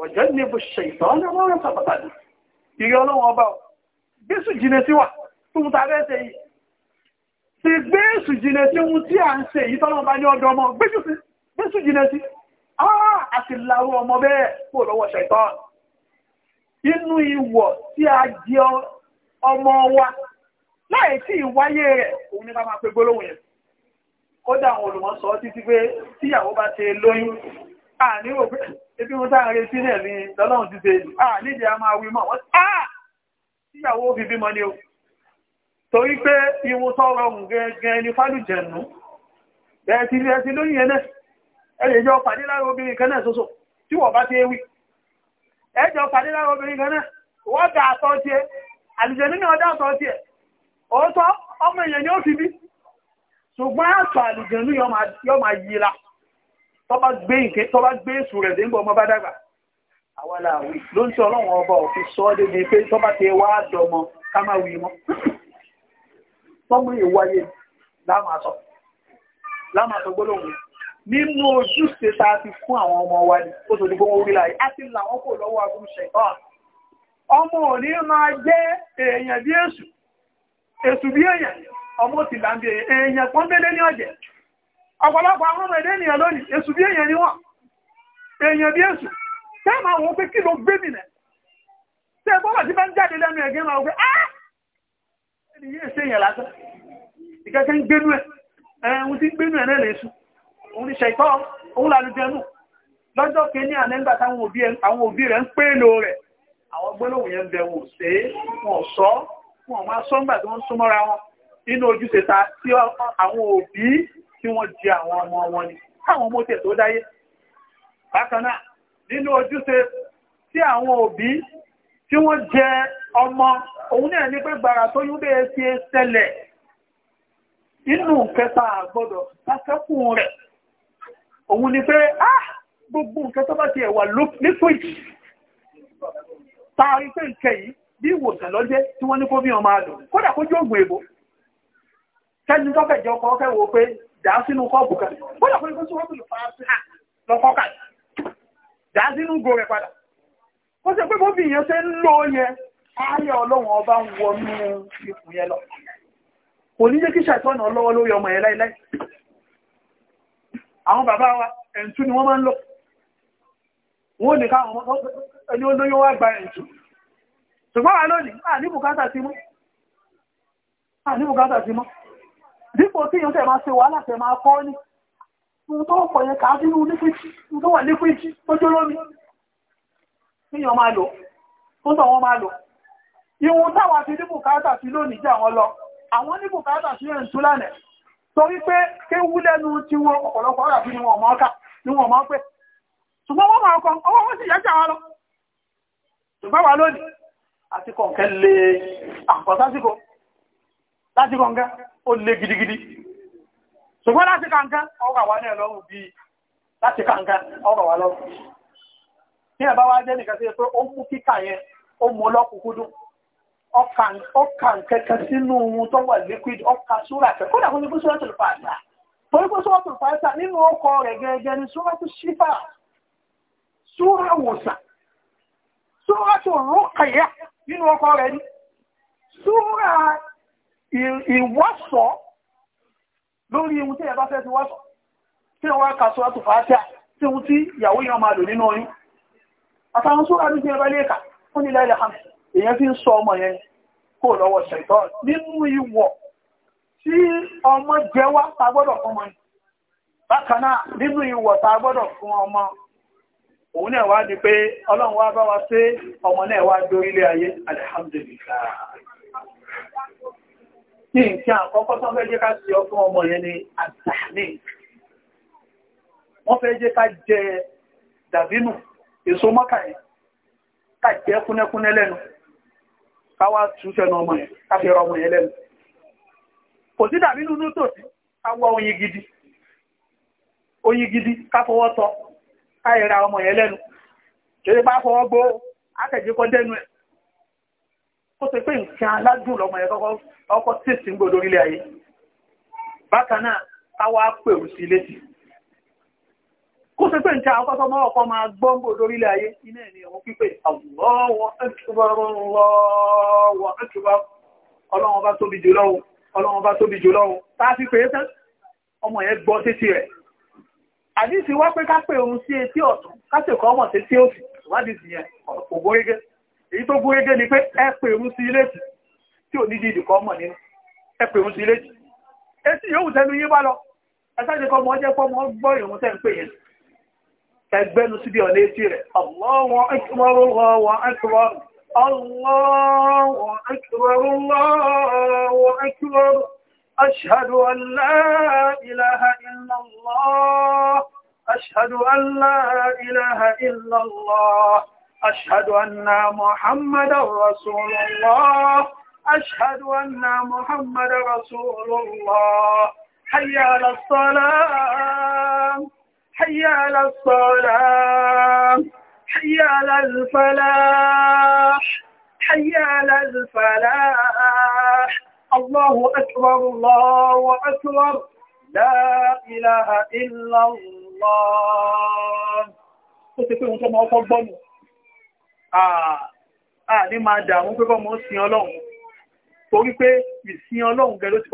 ọ̀jẹ́ ní bó ṣe ìtọ́ ní mọ́wàá pàpàtà ìrẹ́ ọlọ́run ọba ò gbésù jìnnà sí wà tóun ta fẹ́ ṣe yìí ti gbésù jìnnà sí ohun tí à ń ṣe yìí tọ́lọ́run bá ní ọ̀dọ̀ ọmọ gbésù jìnnà sí ah àti làwọn ọmọ bẹ́ẹ̀ kó lọ́wọ́ ṣe ìtọ́ inú ìwọ̀ tí a jẹ ọmọ wa láì sí ìwáyé rẹ̀ òun ní ká máa pe gbólóhùn yẹn kódà àwọn olùmọ̀ sọ títí pé tíyàwó bá ṣe lóyún àní rò pé ebi mo táà retí náà ní lọ́lọ́run ti ṣe àníjẹ́ a máa wí mọ̀ wọ́n táà tíyàwó fi bímọ ni o torí pé ihun tó rọrùn gẹ́gẹ́ ni fálùjẹ̀nù bẹ́ẹ̀ ti rí ẹsìn lóyún yẹn náà ẹ lè jọ pàdé láàrin obìnrin kan náà ṣoṣo tí wọ́n bá ti ewì eji pàdé láwọn obìnrin kan náà wọ́n ga àtọ́ tí ẹ àlìjẹ̀nú ní ọdá àtọ́ tí ẹ òótọ́ ọmọ èèyàn ni ó fi bí ṣùgbọ́n àtọ̀ àlìjẹ̀nú yọ máa yíra tó bá gbé bá gbé rẹ̀ dé ń bọ̀ ọmọ bá dàgbà ló ń tí ọlọ́run ọba pé nínú ojúṣe tá a ti fún àwọn ọmọ wa ní ó tó dìbò orí láyé á ti làwọn kò lọ́wọ́ agbóhùn ṣẹ̀tàn ọmọ ò ní máa jẹ́ èèyàn bí èṣù èṣù bí èèyàn ọmọ ti là ń bí èèyàn kan bẹ́lẹ́ ní ọ̀jẹ̀ ọ̀pọ̀lọpọ̀ àwọn ọmọ ẹ̀dẹ́ ènìyàn lónìí èṣù bí èèyàn ni wọ́n èèyàn bí èṣù tẹ́ máa wọ́n pé kí ló gbé mìnà tẹ́ bọ́bà tí bá ń jáde lẹ́nu ẹ̀gẹ́ máa wọ́n pé áá ẹni yé ṣe èèyàn lásán ìkẹ́kẹ́ ń gbénú ẹ̀ ẹ̀hún tí ń gbénú ẹ̀ náà lè ṣùn òun ṣe ìtọ́ òun lálùjẹnù lọ́jọ́ kìíní àlẹ́gbà táwọn òbí rẹ̀ ń pè lò rẹ̀ àwọn gbólóhùn yẹn bẹ̀wò sí wọn sọ wọn máa sọ́ngbà tí wọ́n súnmọ́ra wọn nínú ojúṣe ta tí àwọn òbí tí wọ́n di àwọn ọmọ wọn ni káwọn ọmọ tẹ̀ tó dáyé bákan náà nínú ojúṣe tí àwọn òbí tí wọ́n jẹ ọmọ òun náà ní pé gbàrà tó yún bẹ́ẹ̀ ti ṣẹlẹ̀ inú kẹta àgbọ́dọ̀ lákẹ́kùn rẹ̀ òun ni pé ah gbogbo nǹkan tó bá ti ẹ̀wà liquid taari pé nǹkẹ́ yìí bí ìwòsàn lọ́jẹ́ tí wọ́n ní kó bí ọmọ àlò kódà kó jẹ́ ògùn èbò kẹ́ni tó fẹ̀jẹ̀ ọkọ̀ ọkẹ́ wo pé dàá sínú kọ́ọ̀bù kan kódà kó ní kó lọ́kọ́ ah, dàá sínú rẹ̀ padà ó pé bóbi yẹn ṣe ń lò yẹn ayé ọlọ́run ọba ń wọnú yẹn lọ kò ní jẹ́ kí ọlọ́wọ́ lórí ọmọ yẹn láíláí àwọn bàbá wa ẹ̀ǹtú ni wọ́n máa ń lò wọ́n ní káwọn ẹni olóyún wá gba ẹ̀ǹtú ṣùgbọ́n wà lónìí à ní bùkátà sí mọ́ à ní bùkátà sí mọ́ dípò tí yóò tẹ̀ máa ṣe wàhálà tẹ̀ máa kọ́ ní ohun tó pọ̀ yẹn kàá sínú lífíìtì tó wà lífíìtì tó jó lómi níyàn máa lò tó tọ̀ wọ́n máa lò ìwọ̀n táwa ti ní bùkátà sí lónìí jẹ́ àwọn lọ àwọn ní bùkátà sí ẹ̀ǹtú lánàá torí pé kéwú lẹ́nu tí wọ́n ọ̀pọ̀lọpọ̀ ọ̀rọ̀ àbí ni wọ́n máa kà ní wọ́n máa pẹ́ ṣùgbọ́n wọ́n máa kọ́ ọwọ́ wọ́n sì lọ ṣùgbọ́n wà lónìí àti kọ̀ǹkẹ́ láti kọ̀ǹkẹ́ ó gidigidi ṣùgbọ́n láti kàǹkẹ́ ọgbà wà náà bí láti kàǹkẹ́ wá jẹ́ nìkan sí pé ó ọkà nkẹ́kẹ́ sínú ohun tó wà liquid ọkà súrà kẹ́ kódà kó ní kó ọkọ rẹ̀ gẹ́gẹ́ ni súrà tó ṣífà súrà wòsàn súrà tó ọkọ ni sura ìwọ́sọ̀ lórí tí ẹ fẹ́ ti tí wá tí tí ìyàwó yẹn máa lò nínú àtàwọn èyàn fi ń sọ ọmọ yẹn kó lọ́wọ́ ṣẹ̀tọ́ nínú ìwọ̀ tí ọmọ jẹ wá ta gbọ́dọ̀ fún ọmọ yìí bákan náà nínú ìwọ̀ ta gbọ́dọ̀ fún ọmọ òun náà wá di pé ọlọ́run wá bá wa ṣe ọmọ náà wá dórí ilé ayé alhamdulillah ní nǹkan àkọ́kọ́ tó fẹ́ jẹ́ ká sí ọkùn ọmọ yẹn ni àtàní wọ́n fẹ́ jẹ́ ká jẹ dàbínù èso mọ́kà yẹn ká jẹ́ kúnẹ́kúnẹ́ lẹ́nu káwà túnṣẹ́nu ọmọ yẹn káfí ọrọ̀ ọmọ yẹn lẹ́nu kò sí dàbí nínú tòsí awọ oyin gidi oyin gidi káfọwọ́ tọ káyẹra ọmọ yẹn lẹ́nu kéré bá fọwọ́ gbó akẹ́jẹ́kọ́ dẹ́nu ẹ̀ ó ṣe pé nǹkan aládùn lọmọ yẹn kọ́kọ́ ọkọ̀ tèsí ń gbòdó orílẹ̀ ayé bákan náà káwà pèrú sí létí kó ṣe pé nǹkan àkọ́kọ́ mọ́ ọ̀pọ̀ máa gbọ́ngbò lórílẹ̀ ayé iná ẹni ọ̀hún pípẹ́ àwọ̀wọ̀ ẹ̀tùbọ̀rọ̀wọ̀ ẹ̀tùbọ̀ ọlọ́run bá tóbi jù lọ́wọ́ ọlọ́run bá tóbi jù lọ́wọ́ tàbí pé tán ọmọ yẹn gbọ́ sétí rẹ̀ àdísì wá pé ká pè òun sí etí ọ̀tún kásìkò ọmọ sétí òsì ìwádìí sì yẹn kò gúrégé èyí tó gúrégé ni pé ẹ pè òun تقبلوا سبي ولا يصير الله أكبر الله أكبر الله أكبر الله أكبر أشهد أن لا إله إلا الله أشهد أن لا إله إلا الله أشهد أن محمد رسول الله أشهد أن محمد رسول الله حي على الصلاة حي على الصلاة حي على الفلاح حي على الفلاح الله أكبر الله أكبر لا إله إلا الله ó ti pé ohun tó mọ́ ọkọ̀ gbọ́nù àà ní máa dààmú pé bọ́mọ sin ọlọ́run torí pé ìsin ọlọ́run gẹ̀ ló ti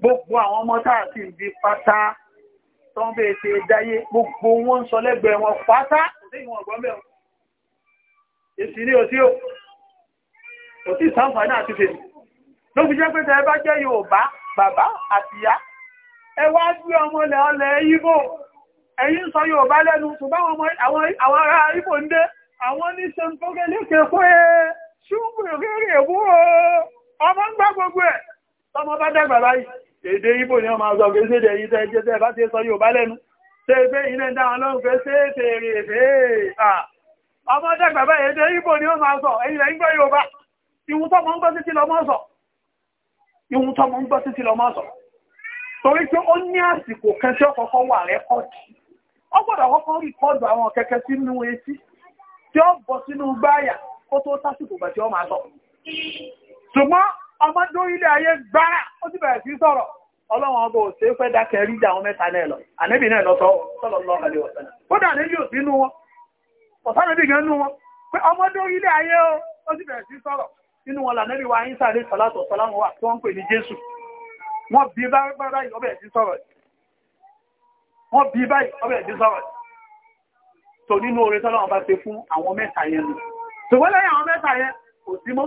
gbogbo àwọn ọmọ táà sì ń bí tó ń bèèrè ṣe dáyé gbogbo wọn ń sọ lẹ́gbẹ̀ẹ́ wọn pátá sí ìwọ̀n ọ̀gbọ́n mẹ́rin èsì ní òsí ò tí sáǹfàní àti fèrè ló fi jẹ́ pé tẹ́ bá jẹ́ Yorùbá bàbá àti ìyá ẹ wá gbé ọmọ ilẹ̀ ọlẹ̀ Ìgbò ẹ̀yin sọ Yorùbá lẹ́nu ṣùgbọ́n àwọn ará Ìgbò ń dé àwọn ní ṣe ń fókè lékè pé ṣùgbọ́n rèé wúwo ọmọ ń gbá gbogbo ẹ̀ tọmọ bá dàgbà báyìí èdè Ìgbò ni wọ́n máa sọ pé sédè yìí tẹ́ jẹ́ tẹ́ bá ti sọ yóò bá lẹ́nu tẹ́ pé iná ń dáhùn lọ́hùn pé sédè rèé ọmọ dẹ́gbẹ̀ bá èdè Ìgbò ni wọ́n máa sọ ẹ̀yìn lẹ́yìn gbọ́ yóò bá ìwùn tọ́mọ ń gbọ́ títí lọ mọ́ sọ ìwùn tọ́mọ ń gbọ́ títí lọ mọ́ sọ torí pé ó ní àsìkò kan tí ọkọ̀ọ̀kan wà rẹ́kọ̀dì ó gbọ́dọ̀ kọ́kọ́ rìkọ́dù àwọn kẹ̀kẹ́ sínú etí tí ó bọ̀ sínú gbáyà kó tó sásìkò gbà tí ó máa sọ ṣùgbọ́n ọmọ dórí ilé ayé gbára ó ti bẹ̀rẹ̀ sí sọ̀rọ̀ ọlọ́run ọba ò ṣeé fẹ́ dákẹ́ rí àwọn mẹ́ta náà lọ ànẹ́bì náà lọ sọ sọ́lọ́ lọ àlè ọ̀sán kódà ní yóò sínú wọn ọ̀sán òdì gan nú wọn pé ọmọ dórí ilé ayé ó ó ti bẹ̀rẹ̀ sí sọ̀rọ̀ nínú wọn lànẹ́bì wa ń sáré sọ̀látọ̀ sọ́láwọn wà tí wọ́n ń pè ní Jésù wọ́n bí báyìí ọbẹ̀ sí sọ̀rọ̀ wọ́n bí báyìí ọbẹ̀ sí sọ̀rọ̀ tó nínú oore tọ́lọ́wọ́n bá ṣe fún àwọn mẹ́ta yẹn nù ṣùgbọ́n lẹ́yìn àwọn mẹ́ta yẹn kò sí mọ́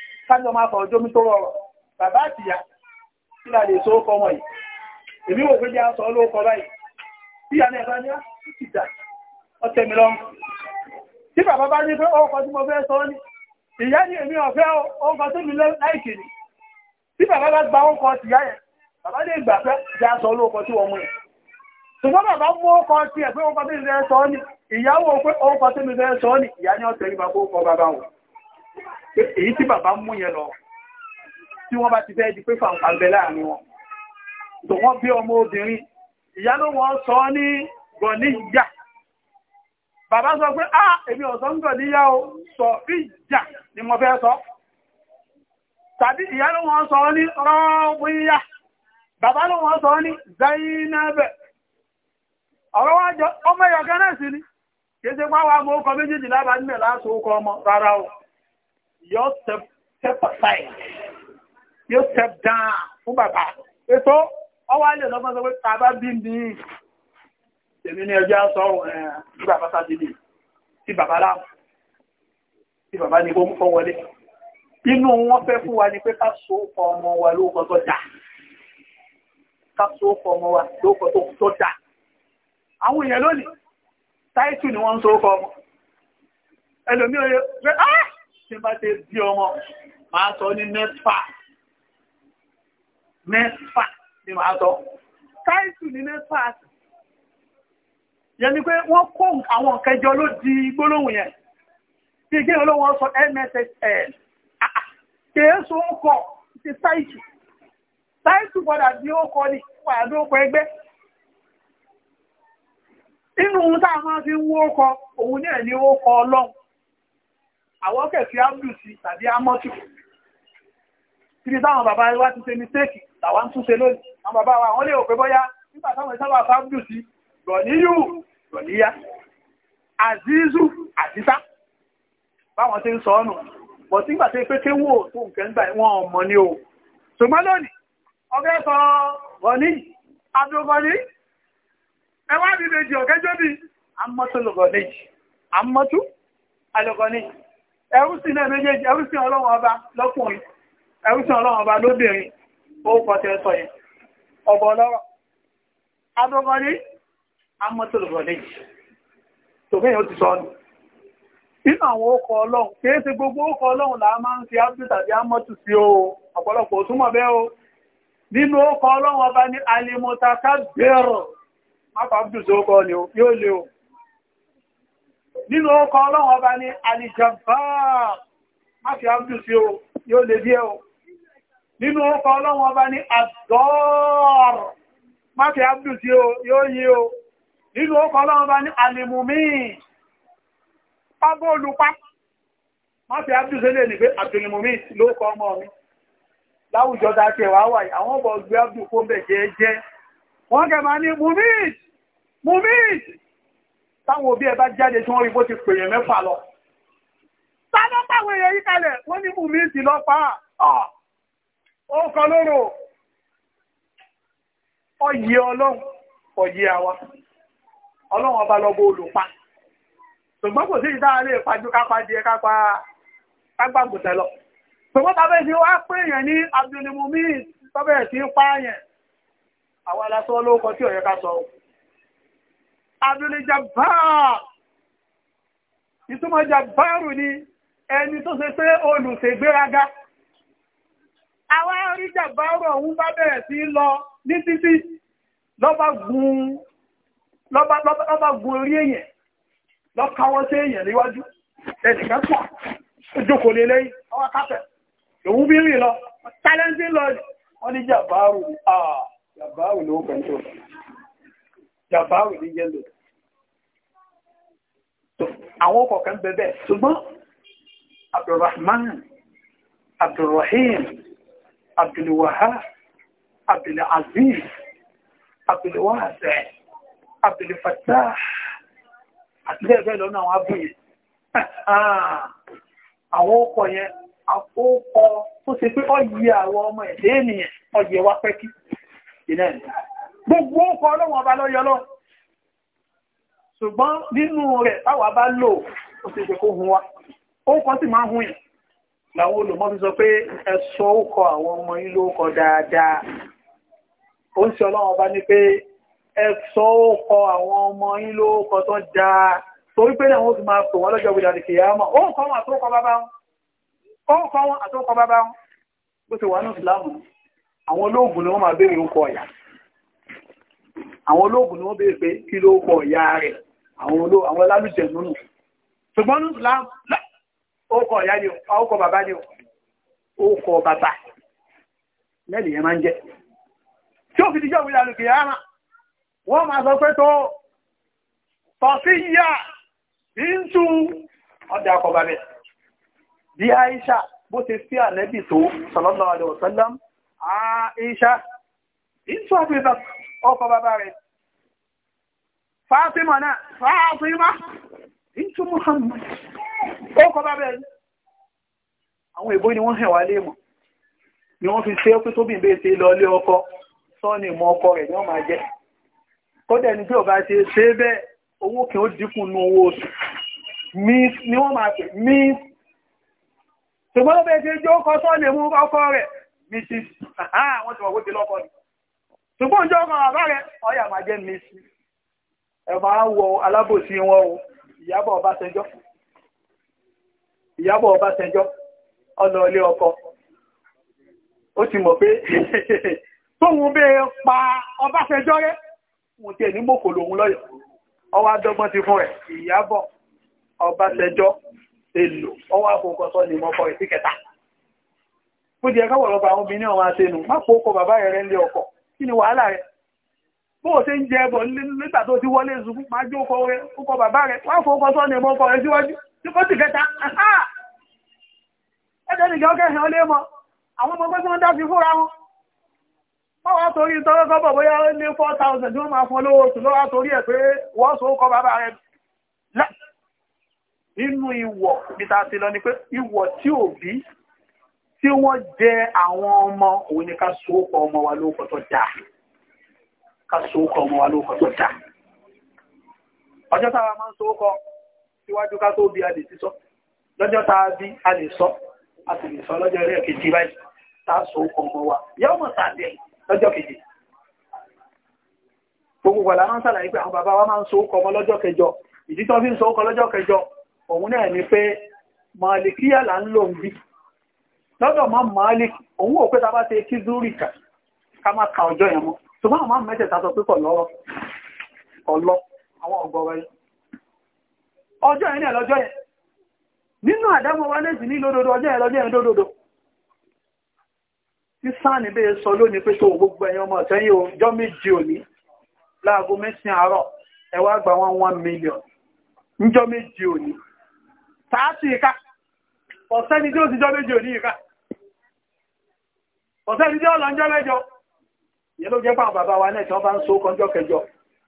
kájọ máa sọ̀rọ̀ jómi tó rọrọ̀ bàbá àtìyà kí là lè so kọ wọ̀nyí èmi wò pé jẹ́ aṣọ ló kọ báyìí tí ìyá náà bá ní ìjà ọ̀tẹ̀ mi lọ́rùn tí bàbá bá ní pé ọkọ̀ tí mo fẹ́ sọ ní ìyá ní èmi ọ̀fẹ́ ọkọ̀ tó mi láìkì ni tí bàbá bá gba ọkọ̀ tìyá yẹn bàbá lè gbà pé jẹ́ aṣọ ló kọ tí wọ́n mú yẹn ṣùgbọ́n bàbá mú ọkọ̀ tí ẹ̀ pé ọkọ̀ tó mi fẹ́ sọ ní ìyàwó pé ọkọ̀ tó mi fẹ́ sọ ní ìyá ní ọ̀tẹ̀ ìbàkó ọkọ̀ bàbá wọn èyí tí bàbá mú yẹn lọ tí wọ́n bá ti fẹ́ di pé fàǹfà ń bẹ láàrin wọn tó wọ́n bí ọmọ obìnrin ìyá ló wọ́n sọ ní gọ̀níyà bàbá sọ pé o sọ ìjà ni mo fẹ́ sọ tàbí ìyá ló wọ́n sọ ní rọ́wíyà bàbá ló wọ́n sọ ní ọ̀rọ̀ wájọ ọmọ ẹ̀yọ̀kẹ́ náà ni kí ṣe nílẹ̀ láti ọmọ yóò step aside yóò step down fún bàbá ètò ọwọ́ alẹ́ lọ́mọ sọ pé tàbá bí mi tèmi ní ẹjọ́ sọ ní bàbá sátidé tí bàbá láàmù tí bàbá ní kó mú kọ́ wọlé inú wọn fẹ́ fún wa ni pé ká so ọmọ wa lóòkọ́ tó dáa ká so ọmọ wa lóòkọ́ tó dáa àwọn èèyàn lónìí táìtù ni wọ́n ń so ọmọ ẹlòmí oye ah tí bá ti bí ọmọ máa sọ ní mẹ́fà mẹ́fà ni máa sọ táìsù ní mẹ́fà àti yẹn ni pé wọ́n kó àwọn kẹjọ ló di gbólóhùn yẹn tí ìgbé olóhùn sọ mssl ah, ah, kèésù ó kọ ti táìsù táìsù padà bí ó kọ ní pàdé ó kọ ẹgbẹ́ inú tá a máa fi ń wó kọ òun náà ni ó kọ ọlọ́run àwọ́kẹ̀ fi ábùdù sí tàbí ámọ́tù kí táwọn bàbá wa ti ṣe mistake tàwọn tún ṣe lónìí àwọn bàbá wa wọ́n lè ò pé bọ́yá nígbà táwọn ìsábà fábùdù sí gọ̀níyù gọ̀níyá àzízù àzísá báwọn ti ń sọ ọ́nù bọ̀ tí gbà tí pé ké wò tó nǹkan gbà wọn ọmọ ni o ṣùgbọ́n lónìí ọgbẹ́ sọ gọ̀ní abdulgọ̀ní ẹwà bíbejì ọ̀kẹ́jọ́ bíi amọ́tò lọ́gọ̀ní amọ́tò ẹrúsìn náà méjèèjì ẹrúsìn ọlọ́run ọba lọ́kùnrin ẹrúsìn ọlọ́run ọba lóbìnrin ó kọtẹ sọ yẹn ọ̀bọ̀ ọlọ́rọ̀ adọ́gọ́lé amọ́tòlùbọ̀lẹ́ tòmíyàn ó ti sọ ọ́nà nínú àwọn ókọ ọlọ́run kìí ṣe gbogbo ókọ ọlọ́run là á máa ń fi ábùtù tàbí amọ́tù sí o ọ̀pọ̀lọpọ̀ ò túmọ̀ bẹ́ẹ̀ o nínú ókọ ọlọ́run ọba ní alimotaka bẹ́ẹ̀rọ̀ má fà ábùtù sí ókọ ni o yóò le o nínú orúkọ ọlọ́run ọba ní alìjàbáà má fi àmdù sí o yóò lè díẹ̀ o nínú orúkọ ọlọ́run ọba ní àdọ́ọ̀rọ̀ má fi àmdù sí o yóò yí o nínú orúkọ ọlọ́run ọba ní alìmùmí pábó olùpá má fi àmdù sí lè ní pé àtùlìmùmí ló kọ ọmọ mi láwùjọ dákẹ̀ wá wà àwọn ọ̀bọ̀ gbé àmdù kó bẹ̀ jẹ́ táwọn òbí ẹ jáde tí wọ́n rí bó ti pèèyàn mẹ́fà lọ tánà táwọn èèyàn yí kalẹ̀ wọ́n ní bùnmí sí lọ pa ó kọ lóró ọyẹ ọlọ́run ọyẹ àwa ọlọ́run ọba lọ́gbọ́ olùpa ṣùgbọ́n kò sí ìdára lè pàjú kápá díẹ̀ kápá kágbàgbòtẹ̀ lọ ṣùgbọ́n tàbí ti wá pé èèyàn ní abdulmumin tọ́bẹ̀ẹ̀ ń pààyàn àwọn alásọ́ lóókọ tí ọ̀yẹ́ ká sọ ọ́ abdul-jabbar ìtumọ̀ jabbaru ni ẹni tó ṣe pé olùṣègbéraga àwọn orí jabbaru ọ̀hún bá bẹ̀rẹ̀ sí lọ ní títí lọ́bá gun orí èyàn lọ́káwọ́ sí èyàn níwájú ẹnìkan pọ̀ jókòó lé lẹ́yìn ọwọ́ káfẹ́ lòun bí rìn lọ jàbáwì ní yẹlò àwọn kọ̀ọ̀kan bẹ̀bẹ̀ ṣùgbọ́n abdulrahman abdulrahim abdulwahab abdulaziz abdulwahab abdulfatah àti bẹ́ẹ̀ lọ́nà àwọn abúyẹ àwọn ọkọ̀ yẹn àkókọ tó ṣe pé ó yí àwọn ọmọ ẹ̀dẹ́ ènìyàn ó yẹ wá pẹ́kí ìnáà gbogbo ọkọ̀ ọlọ́wọ̀n ọba lọ́yọ́ lọ ṣùgbọ́n nínú rẹ̀ táwà bá lò ó sì ṣe kó hun wa ó kọ́ sì máa hun yìí làwọn olùmọ́ fi sọ pé ẹ̀ṣọ́ ókọ àwọn ọmọ yín ló kọ dáadáa ó ń ṣe ọlọ́wọ̀n ọba ní pé ẹ̀ṣọ́ ókọ àwọn ọmọ yín ló tó dáa torí pé náà wọ́n fi máa pè wọ́n lọ́jọ́ gbìyànjú kìyàmọ̀ ó kọ́ wọn àtọ́kọ bàbá wọn bó ti wà ní ìsìlámù àwọn olóògùn ni wọ́n máa béèrè ókọ ọ̀yà àwọn olóògùn ni wọ́n béèrè pé kí ló kọ ìyá rẹ̀ àwọn lálùjẹ̀ nínú ṣùgbọ́n ní islam ó kọ ìyá ni ó kọ bàbá ni ó kọ bàbá mẹ́lì yẹn máa ń jẹ́ tí ó fi díjọ́ ìwé àlùkè yára wọ́n máa sọ pé tó tọ̀sí yíyá bí ń tú ọdẹ akọ bàbẹ̀ bí Aisha bó ti fi ànẹ́bì tó sallallahu alaihi wasallam Aisha bí ń tú àbúrẹ́ bàbá ọkọ bàbá rẹ̀ fàáfímọ̀ náà fàáfímọ̀ ìtú Muhammad ọkọ bàbá rẹ̀ àwọn ìbò ni wọ́n hẹ̀wà léèmọ̀ ni wọ́n fi ṣe pé tóbi ìbéèsè lọ lé ọkọ sọ́ọ̀nì ìmọ̀ ọkọ rẹ̀ ni wọ́n máa jẹ́ kódà ẹni tí ọba ṣe ṣe bẹ́ẹ̀ owó kí ó dínkù nú owó oṣù ni wọ́n máa pè mí ṣùgbọ́n bẹ́ẹ̀ ṣe jẹ́ ọkọ sọ́ọ̀nì ìmú ọkọ rẹ̀ mrs wọ́n ti wọ̀ wó ti lọ́kọ ni ṣùgbọ́n jọ ọmọ bàbá rẹ̀ ọyà máa jẹ́ Messi ẹ máa wọ alábòsí wọn o Ìyábọ̀ Ọbásanjọ́ Ìyábọ̀ Ọbásanjọ́ ọ̀nà ilé ọkọ ó ti mọ̀ pé tóun bẹ́ pa Ọbásanjọ́ rẹ̀ òun tiẹ̀ ní mòkò lòun lọ́yọ̀ ọwọ́ adọ́gbọ́n ti fún rẹ̀ Ìyábọ̀ Ọbásanjọ́ èlò ọwọ́ àfọkọ̀sọ́ ni mọ́kọ rẹ̀ sí kẹta bó ti ẹ̀ká wọ̀rọ̀ bá àwọn obìnrin ọmọ àṣẹnu má fọkọ̀ bàbá rẹ̀ ń lé ọkọ̀ kí ni wàhálà rẹ̀ bó ṣe ń jẹ ẹbọ nígbà tó ti wọlé zùkú máa jó kọ rẹ kókọ bàbá rẹ wá fọwọ́ sọ ni ìmọ̀ rẹ síwájú tí kò sì kẹta ẹjọ́ nìkan kẹsàn-án lé mọ àwọn ọmọ pẹ́sí wọn dá sí fúnra wọn wọ́n wá torí tọ́rọ kọ́bọ̀ bóyá ó ní 4,000 tí ó máa fún lówó oṣù lọ́wọ́ torí ẹ̀ pé wọ́n so kọ bàbá rẹ̀ lá ìwọ̀ níta sí lọ ni pé ìwọ̀ tí òbí tí wọ́n jẹ àwọn ọmọ òun ni ká sóókọ ọmọ wa lóòkọ tó dáa ká sóókọ ọmọ wa lóòkọ tó dáa ọjọ́ táwa máa ń sóókọ síwájú ká tó bí a lè sísọ lọ́jọ́ táa bí a lè sọ a sì lè sọ lọ́jọ́ eré kejì báyìí tá a sóókọ ọmọ wa yóò mọ̀ sàdé lọ́jọ́ kejì gbogbo wà láwọn sàlàyé pé àwọn bàbá wa máa ń sóókọ ọmọ lọ́jọ́ kẹjọ ìdí tó fi ń sóókọ lọ́jọ́ kẹjọ òun náà ni pé màlìkíyà là ń lò ń bí lọ́dọ̀ máa Malik òun ò pé ta bá ṣe kí ká má ka ọjọ́ yẹn mọ́ ṣùgbọ́n àwọn máa mẹ́tẹ̀ẹ̀ta sọ pé kọ̀lọ́rọ̀ ọlọ́ àwọn ọgọ́rọ̀ yìí ọjọ́ yẹn náà lọ́jọ́ yẹn nínú àdámọ́ wa lẹ́sìn ní lódodo ọjọ́ yẹn lọ́jọ́ yẹn lódodo tí sọ lónìí pé tó gbogbo ẹ̀yàn ọmọ ọ̀tẹ́yìn ọjọ́ méjì òní láago mẹ́sìn àárọ̀ ẹ gba wọn one million níjọ́ méjì òní tààtì ìka ọ̀sẹ́ni tí ọ̀sẹ́ni jẹ́ ọlọ́njọ́ mẹ́jọ yẹ ló jẹ́ pàwọn bàbá wa náà tí wọ́n bá ń so kọjọ́ kẹjọ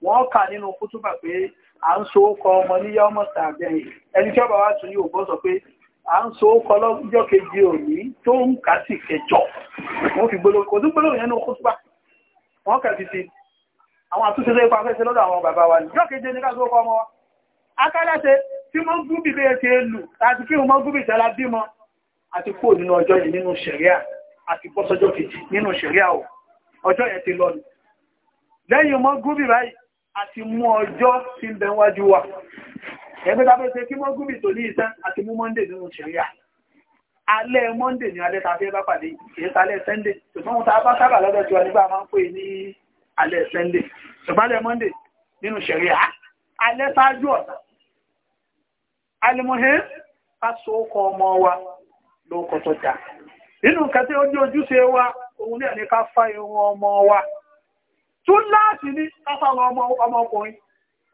wọ́n kà nínú kútúbà pé à ń so kọ ọmọ níyà ọmọ tàbẹ̀yìn ẹni tí ọba wa tún yóò bọ́ sọ pé à ń so kọ lọ́jọ́ kejì òní tó ń kà sí kẹjọ wọ́n fi gbólóhùn kò tún gbólóhùn yẹn nínú kútúbà wọ́n kà sí ti àwọn àtúnṣe tó ipa fẹ́sẹ̀ lọ́dọ̀ àwọn bàbá wa níjọ́ keje ní ká so kọ ọmọ wa akálẹ́sẹ̀ tí mọ́ gúbì bẹ́ẹ̀ ti lù àti kí wọ́n mọ́ gúbì tẹ́lá bímọ àti kúrò nínú ọjọ́ yìí nínú ṣẹ̀ríà àti bọ́sọjọ́ kejì nínú ṣẹ̀ríà o ọjọ́ yẹn ti lọ ni lẹ́yìn mọ́ gúbì báyìí àti mú ọjọ́ tí ń bẹ wájú wa ẹgbẹ́ tàbí ṣe kí mọ́ gúbì tó ní ìtàn àti mú monday nínú ṣẹ̀ríà alẹ́ monday ní alẹ́ tàbí ẹbá pàdé kìí sálẹ̀ sunday ṣùgbọ́n tá a bá sábà lọ́dọ̀ tí wa nígbà máa ń pè ní alẹ́ sunday ṣùgbọ́n alẹ́ monday nínú ṣẹ̀ríà alẹ́ ṣáájú ọ̀sán alimohe ká so ọkọ̀ ọmọ wa lóòkọ̀ tó dáa inú nǹkan tí ó ní ojúṣe wa òun ní ẹ̀ní ká fá irun ọmọ wa tún láti ní káfàwọn ọmọkùnrin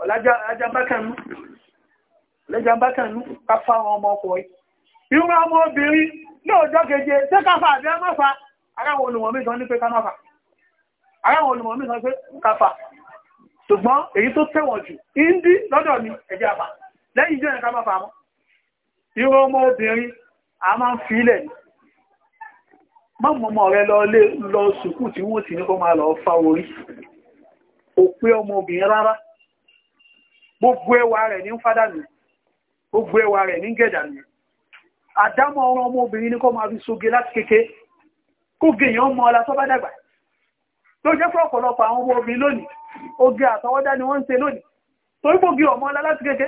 ọ̀lájàmbákànú káfàwọn ọmọkùnrin irun ọmọ obìnrin ní ọjọ́ keje tí káfà àbí ẹmọ́fà aráwọn olùmọ̀mí gan ní pé kánáfà aráwọn olùmọ̀mí gan pé káfà ṣùgbọ́n èyí tó tẹ̀wọ̀n jù indi lọ́dọ̀ mi ẹ̀jẹ̀ àbà lẹ́yìn jẹ́ ẹ̀ká máa fà mọ́ irun ọmọ obìnrin a máa ń fi ilẹ̀ má mọ́mọ́ rẹ lọ lé lọ sùkú tí wọ́n ti ní kó máa lọ fa orí ò pé ọmọbìnrin rárá gbogbo ẹwà rẹ̀ ní fádà gbogbo ẹwà rẹ̀ ní gẹ̀dà àdámọ̀ ọ̀rọ̀ ọmọbìnrin ní kó máa fi soge láti kéke kó gèèyàn mọ́ ọlá tó bá dàgbà jẹ́ fún ọ̀pọ̀lọpọ̀ àwọn ọmọbìnrin oge àtọwọ́dá ni wọ́n ń lónìí torí gbogbo ọmọ ọlá láti kéke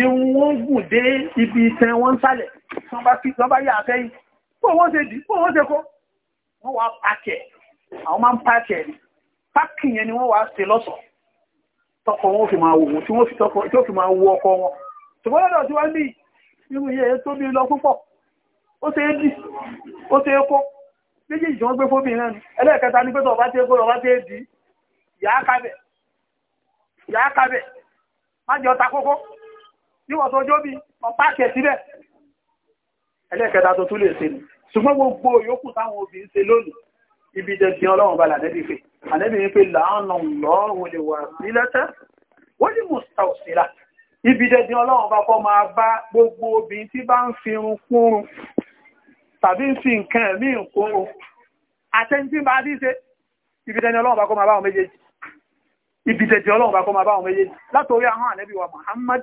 ìwọ̀n gùn dé ibi ìtẹ́ wọn sálẹ̀ wọ́n bá yà àfẹ́yìn pọ̀ wọ́n ṣe dì pọ̀ wọ́n ṣe kó wọ́n wá pàkẹ̀ àwọn máa ń pàkẹ̀ ní pàkì yẹn ni wọ́n wá ṣe lọ́sọ̀ tọkọ wọn fi máa wò wọ́n tí wọ́n fi tọkọ tí ó fi máa wo ọkọ wọn ṣùgbọ́n lọ́dọ̀ tí wọ́n ní irú iye tó bí lọ púpọ̀ ó ṣe é dì ó ṣe é kó méjèèjì tí wọ́n gbé fóbi náà ni ẹlẹ́ẹ̀kẹta ní pé tọ̀ bá ti é kó lọ bá ti é dì yàá kábẹ̀ yàá kábẹ̀ má jẹ́ ọta kókó tí wọ́n tó jó bí ọpá kẹ̀ síbẹ̀ ẹlẹ́kẹta tó tún lè ṣe ni ṣùgbọ́n gbogbo yòókù táwọn obìnrin ṣe lónìí ibi jẹ́sí ọlọ́run bá lànẹ́bí pé ànẹ́bí ń pé láàánà lọ́rùn lè wà sílẹ́tẹ́ wọ́n ní mùsùlùmí òsìlá ibi jẹ́sí ọlọ́run bá kọ́ máa bá gbogbo obìnrin tí bá ń fi irun kúrun tàbí ń fi nǹkan ẹ̀mí kúrun àtẹ́ntí bá dí ṣe ibi jẹ́sí ọlọ́run bá kọ́ máa bá àwọn méjèèjì ibi jẹ́sí ọlọ́run bá kọ́ máa bá àwọn méjèèjì látòrí àwọn ànẹ́bí wa Muhammad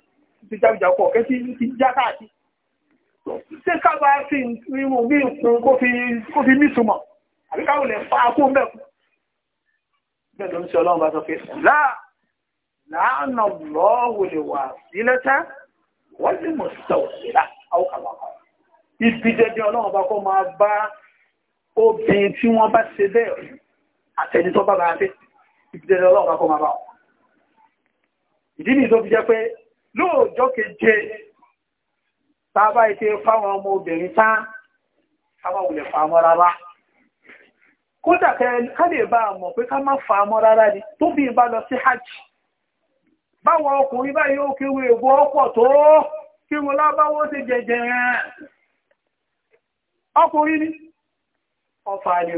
ti jáwìjà ọkọ̀ ọ̀kẹ́ tí ti já káàkiri ṣé kábà fi irun bí ìkun kó fi nítumọ̀ àbí káwọn lè fa akó mẹ́kù bẹ́ẹ̀ ló ń ṣe ọlọ́run bá sọ pé láà láàánà lọ́wọ́ lè wà sílẹ́tà wọ́n lè mọ̀ sí tọ̀wọ̀ sílá àwọ̀kàwọ̀kà ibi jẹjẹ ọlọ́run bá kọ́ máa bá obìnrin tí wọ́n bá ṣe bẹ́ẹ̀ àtẹnitọ́ bá bá ṣe ibi jẹjẹ ọlọ́run bá kọ́ máa bá wọn ìdí nìyí tó fi jẹ́ pé lóòjọ́ keje tàbá ìfẹ́ fáwọn ọmọ obìnrin tán káwọn olè fàmọ́ rárá kódà ká lè bá mọ̀ pé ká má fàmọ́ rárá ni tó bí bá lọ sí hajj báwọn ọkùnrin báyìí ó kí wọ́n ọ̀pọ̀ tó kí lábáwọ́ sí jẹjẹ ọkùnrin ọfà ni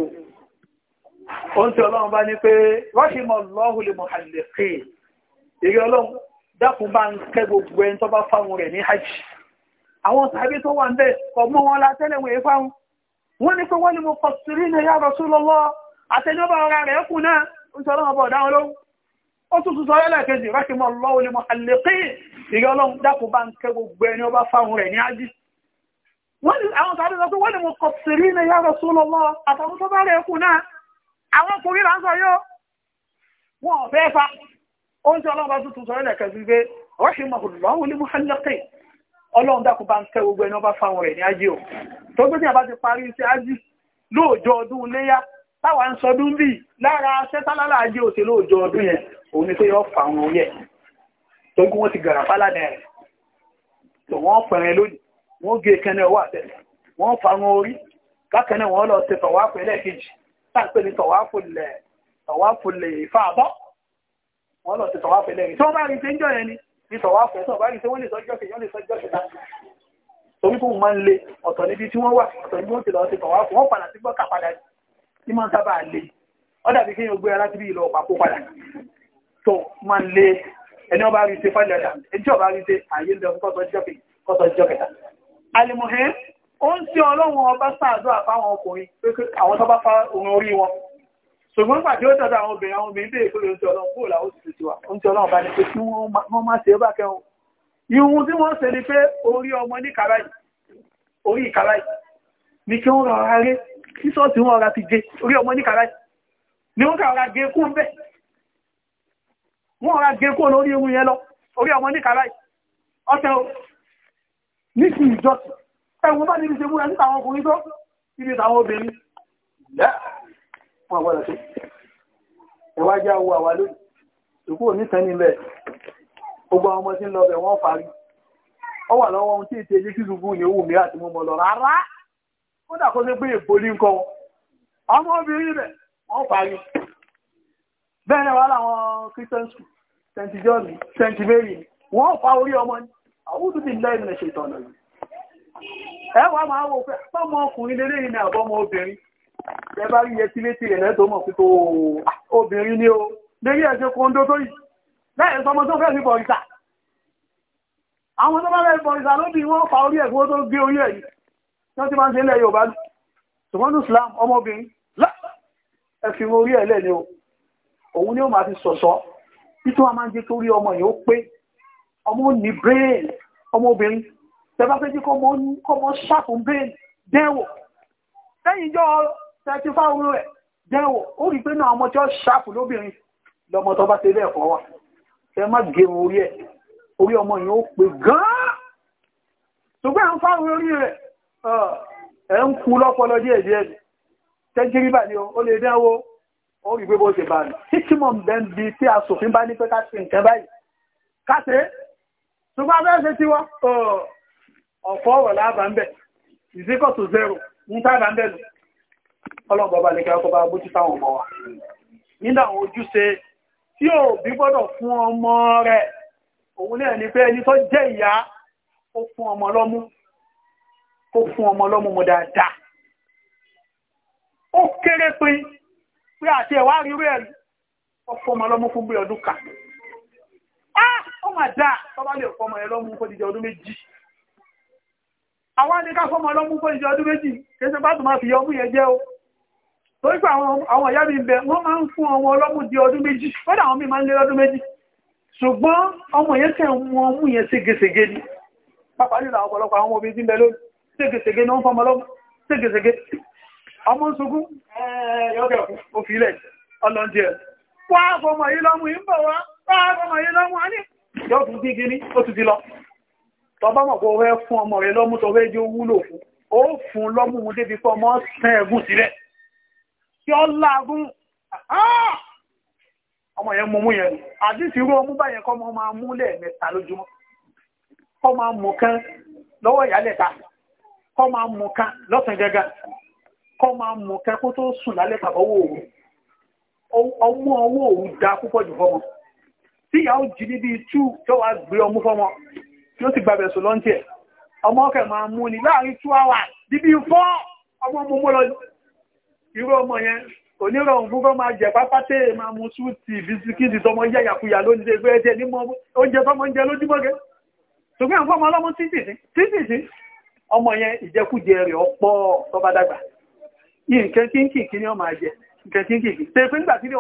o tí ọlọ́run bá ní pé rọ́ṣìmọ̀ lọ́hùlẹ̀ dákun bá ń kẹ́ gbogbo ẹni tó bá fáwọn rẹ̀ ní hajj àwọn sàbí tó wà ń bẹ̀ ọmọ wọn la tẹ́lẹ̀ wọ̀nyí fáwọn wọ́n ní pé wọ́n ní mo kọ̀ sírí ní ya Rasulullah àtẹnubà ọ̀rá rẹ̀ kù náà ń sọ ọlọ́run ọba ọ̀dáwọn lóhùn ó tún tún sọ ọlọ́lẹ̀ kejì rákìmọ̀ lọ́wọ́ ni mo àlèkí ìrẹ́ ọlọ́run dákun bá ń kẹ́ gbogbo ẹni ọba fáwọn rẹ̀ ní hajj wọ́n ní àwọn sàbí sọ pé wọ́n ní mo kọ̀ sírí ní ya Rasulullah àtàwọn tó bá rẹ̀ kù náà àwọn ọkùnrin là ń sọ yóò wọ́n fẹ́ fa ó ń sọ ọlọ́run bá tuntun sọ ẹlẹ́kẹ̀ sí pé ọ̀ṣì mọ̀kùnlọ́wọ́ lè mú hálẹ́kẹ̀ ọlọ́run dákun bá ń kẹ́ gbogbo ẹni ọba fáwọn rẹ̀ ní ajé o tó gbé tí a bá ti parí iṣẹ́ ajé lóòjọ́ ọdún léyá táwa ń sọdún bí lára aṣẹ́ ajé òṣè lóòjọ́ ọdún yẹn òun ni pé yọ fà wọn yẹ tó gún wọn ti gàrà fálànà rẹ̀ tó wọ́n pẹ̀rẹ̀ lónìí wọ́n gé kẹ́nẹ́ ọwọ́ àtẹ̀lẹ̀ wọ́n fa wọn orí kákẹ́nẹ́ wọn lọ ṣe tọ̀wáfù ẹlẹ́ẹ̀kejì táà pé ní tọ̀wáfù lẹ̀ tọ̀wáfù lè wọ́n lọ sí tọ̀wáfẹ́ lẹ́yìn tí wọ́n bá rí pé ń jọ yẹn ni ní tọ̀wáfẹ́ tó bá rí pé wọ́n lè sọ́jọ́ kejì wọ́n lè sọ́jọ́ kejì torí fún máa ń le ọ̀tọ̀ níbi tí wọ́n wà ọ̀tọ̀ níbi wọ́n ti lọ sí tọ̀wáfẹ́ wọ́n padà sí gbọ́kà padà tí máa ń sábà le ó dàbí kí yẹn gbé ara síbi ìlọ ọ̀pá kó padà tó máa ń le ẹni ọba rí ṣe fálẹ̀ ọ̀dà ẹni tí ọba rí ṣe àyè ń bẹ fún kọ́sọ̀ ìjọ kẹta. alimohe ó ń ṣe ọlọ́run ọba sáàdúrà fáwọn ọkùnrin ṣùgbọ́n pàdé ó tọ́ta àwọn obìnrin àwọn obìnrin bèèrè pé oúnjẹ ọlọ́run kúrò láwọn òṣìṣẹ́ ti wà oúnjẹ ọlọ́run bá ní pé kí wọ́n má ṣe é bá kẹun ihun tí wọ́n ṣe ni pé orí ọmọ ní kàráì orí ìkàráì ni kí wọ́n rọra ré kí sọ́ọ̀tì wọn rọra ti gé orí ọmọ ní kàráì ni wọ́n kàrọra gé kó ń wọ́n rọra gé kó lórí irun yẹn lọ orí ọmọ ní kàráì ọ̀sẹ̀ o ní ti ìjọsìn ẹ̀wọ̀n bá níbi ṣe múra níta àwọn ọkùnrin tó níbi táwọn obìnrin wọn gbọ́dọ̀ ṣe ẹwà jẹ́ owó àwa lónìí ìkú onítàn níbẹ̀ gbogbo àwọn ọmọ tí ń lọ bẹ̀ wọ́n parí ọ wà lọ́wọ́ ohun tí ètò èyí kí ṣubú ní owó mi àti mo mọ̀ lọ rárá kódà kó ṣe pé èbòlí ń kọ wọn ọmọ obìnrin rẹ̀ wọ́n parí bẹ́ẹ̀ náà wà láwọn Christian school St John St Mary wọ́n pa orí ọmọ ní àwọn òtútù lẹ́yìn ṣètọ́nà yìí ẹ wà máa wò pé ọmọ ọkùnrin lélẹ́yìn ní àbọ́mọ obìnrin ẹ bá rí ẹtí létí rẹ̀ lẹ́tọ́ mọ̀ pípò obìnrin ni o lérí ẹ̀ṣẹ́ kóńdó tó yìí lẹ́yìn sọmọ tó fẹ́ fi bọ̀ ìsà àwọn tó bá fẹ́ bọ̀ ìsà lóbi wọ́n pa orí ẹ̀kú tó gbé orí ẹ̀yí tó ti máa ń se ilẹ̀ Yorùbá ní ṣùgbọ́n Islam ọmọbìnrin lẹ́ ẹ̀fìn orí ẹ̀lẹ́ ni o òun ni ó máa ti sọ̀sọ́ títún a máa ń jẹ́ torí ọmọ yìí ó pé ọmọ ní brain ọmọbìnrin tẹ́bá fẹ́ jí kọ́mọ ṣàfún brain dẹ́wọ̀ lẹ́yìn jọ tẹ́tí fáwọn rẹ̀ dẹ́wọ̀ ó rí pé náà ọmọ tí ó ṣàpù lóbìnrin lọmọ tó bá ṣe bẹ́ẹ̀ fọ́ wa ẹ má gé orí ẹ̀ orí ọmọ yìí ó pè gan-an ṣùgbọ́n à ń fáwọn orí rẹ̀ ẹ̀ ń kú lọ́pọlọ díẹ̀ díẹ̀ tẹ́jírí bà ní o lè dẹ́wọ́ ó rí pé bó ṣe bà ní títí mọ̀ bẹ́ẹ̀ ń bi tí aṣòfin bá ní pé ká ṣe nǹkan báyìí ká é ṣùgbọ́n abẹ́rẹ́ ṣe ti wá ọ̀pọ̀ ọ̀rọ̀ láàbà ń bẹ̀ ìsíkọ̀ zero ń tábà ń bẹ̀ lọ ọlọ́gbọ̀bà lè kẹ́ ọkọ̀bà bójú fáwọn ọmọ wa nínú àwọn ojúṣe tí òbí gbọ́dọ̀ fún ọmọ rẹ̀ òun náà ni pé ẹni tó jẹ́ ìyá ó fún ọmọ lọ́mú ó fún ọmọ lọ́mú mu dáadáa ó kéré pin pé àti ẹ̀wà rírú ẹ̀rí ó fún ọmọ lọ́mú fún bí ọdún kan ó mà dáa tọ́bá lè fún ọmọ ẹ̀ lọ́mú kó ti jẹ ọdún méjì àwọn adéká fún ọmọ lọ́mú kó ti ọdún méjì kí torí pé àwọn ìyá mi bẹ wọ́n máa ń fún ọmọ ọlọ́mú di ọdún méjì wọ́n dà àwọn mi máa ń lé lọ́dún méjì ṣùgbọ́n ọmọ yẹn tẹ̀ mú ọmú yẹn ségesège ni pápá nílò àwọn ọ̀pọ̀lọpọ̀ àwọn obìnrin tí ń bẹ lónìí ségesège ni wọ́n fọmọ ọlọ́mú ségesège ọmọ sunkún ẹ̀ẹ́dẹ̀kùn òfìlẹ̀ ọlọ́ndì ẹ̀ wá fọmọ yìí lọ́mú yìí ń bọ̀ wá wá fọmọ yìí lọ́mú á ní yóò tún dígí ní ó tún ti lọ tọba mọ̀ pé ó fẹ́ fún ọmọ rẹ̀ lọ́mú tọ́wẹ́ jẹ́ wúlò tí ó lágún ah! ọmọ yẹn mú mú yẹn nù àdìsí irú ọmú báyẹn kọ́ ọmọ máa mú lẹ́ẹ̀mẹ́ta lójúmọ́ kọ́ máa mú kán lọ́wọ́ ìyálẹ̀ta kọ́ máa mú kán lọ́sàn gẹ́gẹ́ kọ́ máa mú kán kó tó sùn lálẹ́ tàbọ́wọ́ òru ọmú ọwọ́ òru da púpọ̀ jù fọ́mọ tí ìyàwó jí níbi tú tó wá gbé ọmú fọ́mọ tí ó sì gbàbẹ̀ sùn lọ́ntì ẹ̀ ọmọ ọkẹ̀ máa mú ni láàrin two hours bíbí fọ́ ọmọ mú mú lọ irú ọmọ yẹn onírọ̀hún fún kọ́ máa jẹ pápá tẹ́ ẹ máa mu súùtì bisikíìtì tọmọ yẹ yàkuyà lónìí ṣe gbé ẹ ní mọ oúnjẹ tọmọ ń jẹ lójúmọ́ gẹ́ ṣùgbọ́n àwọn ọmọ ọlọ́mọ títì sí títì sí ọmọ yẹn ìjẹkújẹ rẹ̀ ọ̀pọ̀ tó bá dàgbà nǹkan kínkìnkì ni ó máa jẹ nǹkan kínkìnkì tẹ pé nígbà tí ní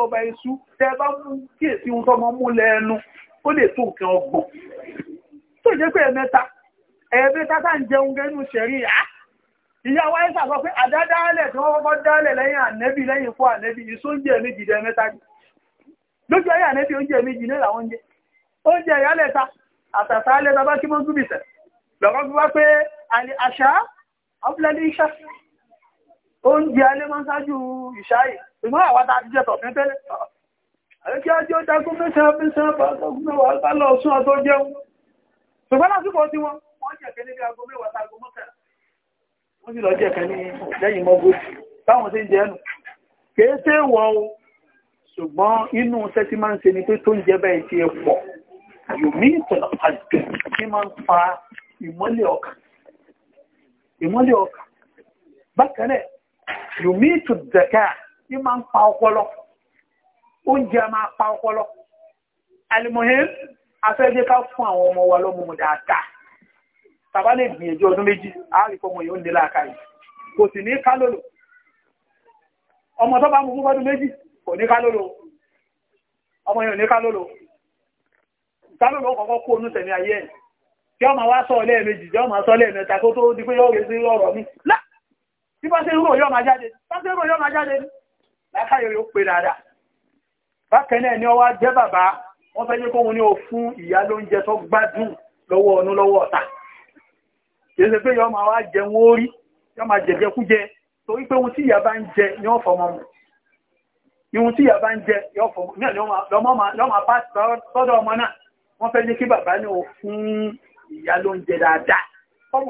tá ń jẹun gẹ́nu ṣẹ̀rí àá ah! ìyàwó ẹ́sà sọ pé àdádálẹ̀ tí wọ́n kọ́kọ́ dálẹ̀ lẹ́yìn ànẹ́bì lẹ́yìn fún ànẹ́bì ìsó oúnjẹ méjì jẹ mẹ́ta jù lójú ayé ànẹ́bì oúnjẹ méjì nílà oúnjẹ oúnjẹ ìyálẹ̀ta àtàtà alẹ́ bàbá kí mọ́tún bìtẹ̀ lọ́kọ́ fi wá pé àlè àṣà abúlẹ́lẹ́ iṣẹ́ oúnjẹ alẹ́ máa ń ṣáájú ìṣáyè ṣùgbọ́n àwa ta ti jẹ tọ̀ pẹ́pẹ́lẹ́ àríkí ọjọ́ dágún mẹ́sàn-án mẹ́sàn-án bá tọ́gún mẹ́wàá bá lọ sún ọtọ́ jẹun ṣùgbọ́n lásìkò tí wọ́n wọ́n jẹ̀ wọ́n sì lọ jẹ́ kan ní lẹ́yìn mọ́gòjì táwọn sí ń jẹ́ ẹnu o ṣùgbọ́n inú iṣẹ́ tí máa ń ṣe ni pé tó ń jẹ́ bẹ́ẹ̀ ti pọ̀ yòmí ìtọ̀nà àjò tí máa ń fa ìmọ́lẹ̀ ọkàn ìmọ́lẹ̀ ọkàn bákan náà yòmí ìtò dẹ̀kà tí máa ń pa ọpọlọ oúnjẹ máa pa ọpọlọ alimohim afẹ́jẹ́ fún àwọn ọmọ wa lọ́mọ dáadáa tàbá lè gbìyànjú ọdún méjì àárìkọ ọmọ yóò nílá àkàrí kò sì ní kálòlò ọmọ tó bá mú fún ọdún méjì kò ní kálòlò ọmọ yóò ní kálòlò kálòlò kọ̀kọ́ kó onú tẹ̀mí ayé ẹ̀ tí ọmọ wá sọ lẹ́ẹ̀mejì tí ọmọ sọ lẹ́ẹ̀mẹta kó tó di pé yóò rẹ̀ sí ọ̀rọ̀ mi lá kìí ṣe pé yọ máa wá jẹ wọn ó máa jẹjẹ kú jẹ torí pé ohun tí ìyá bá ń jẹ ni wọ́n fọmọ mu ihun tí ìyá bá ń jẹ yọ fọmọ náà lọ máa bá sọ́dọ̀ ọmọ náà wọ́n fẹ́ ní kí bàbá ní o fún ìyá ló ń jẹ dáadáa fọ́ọ̀mù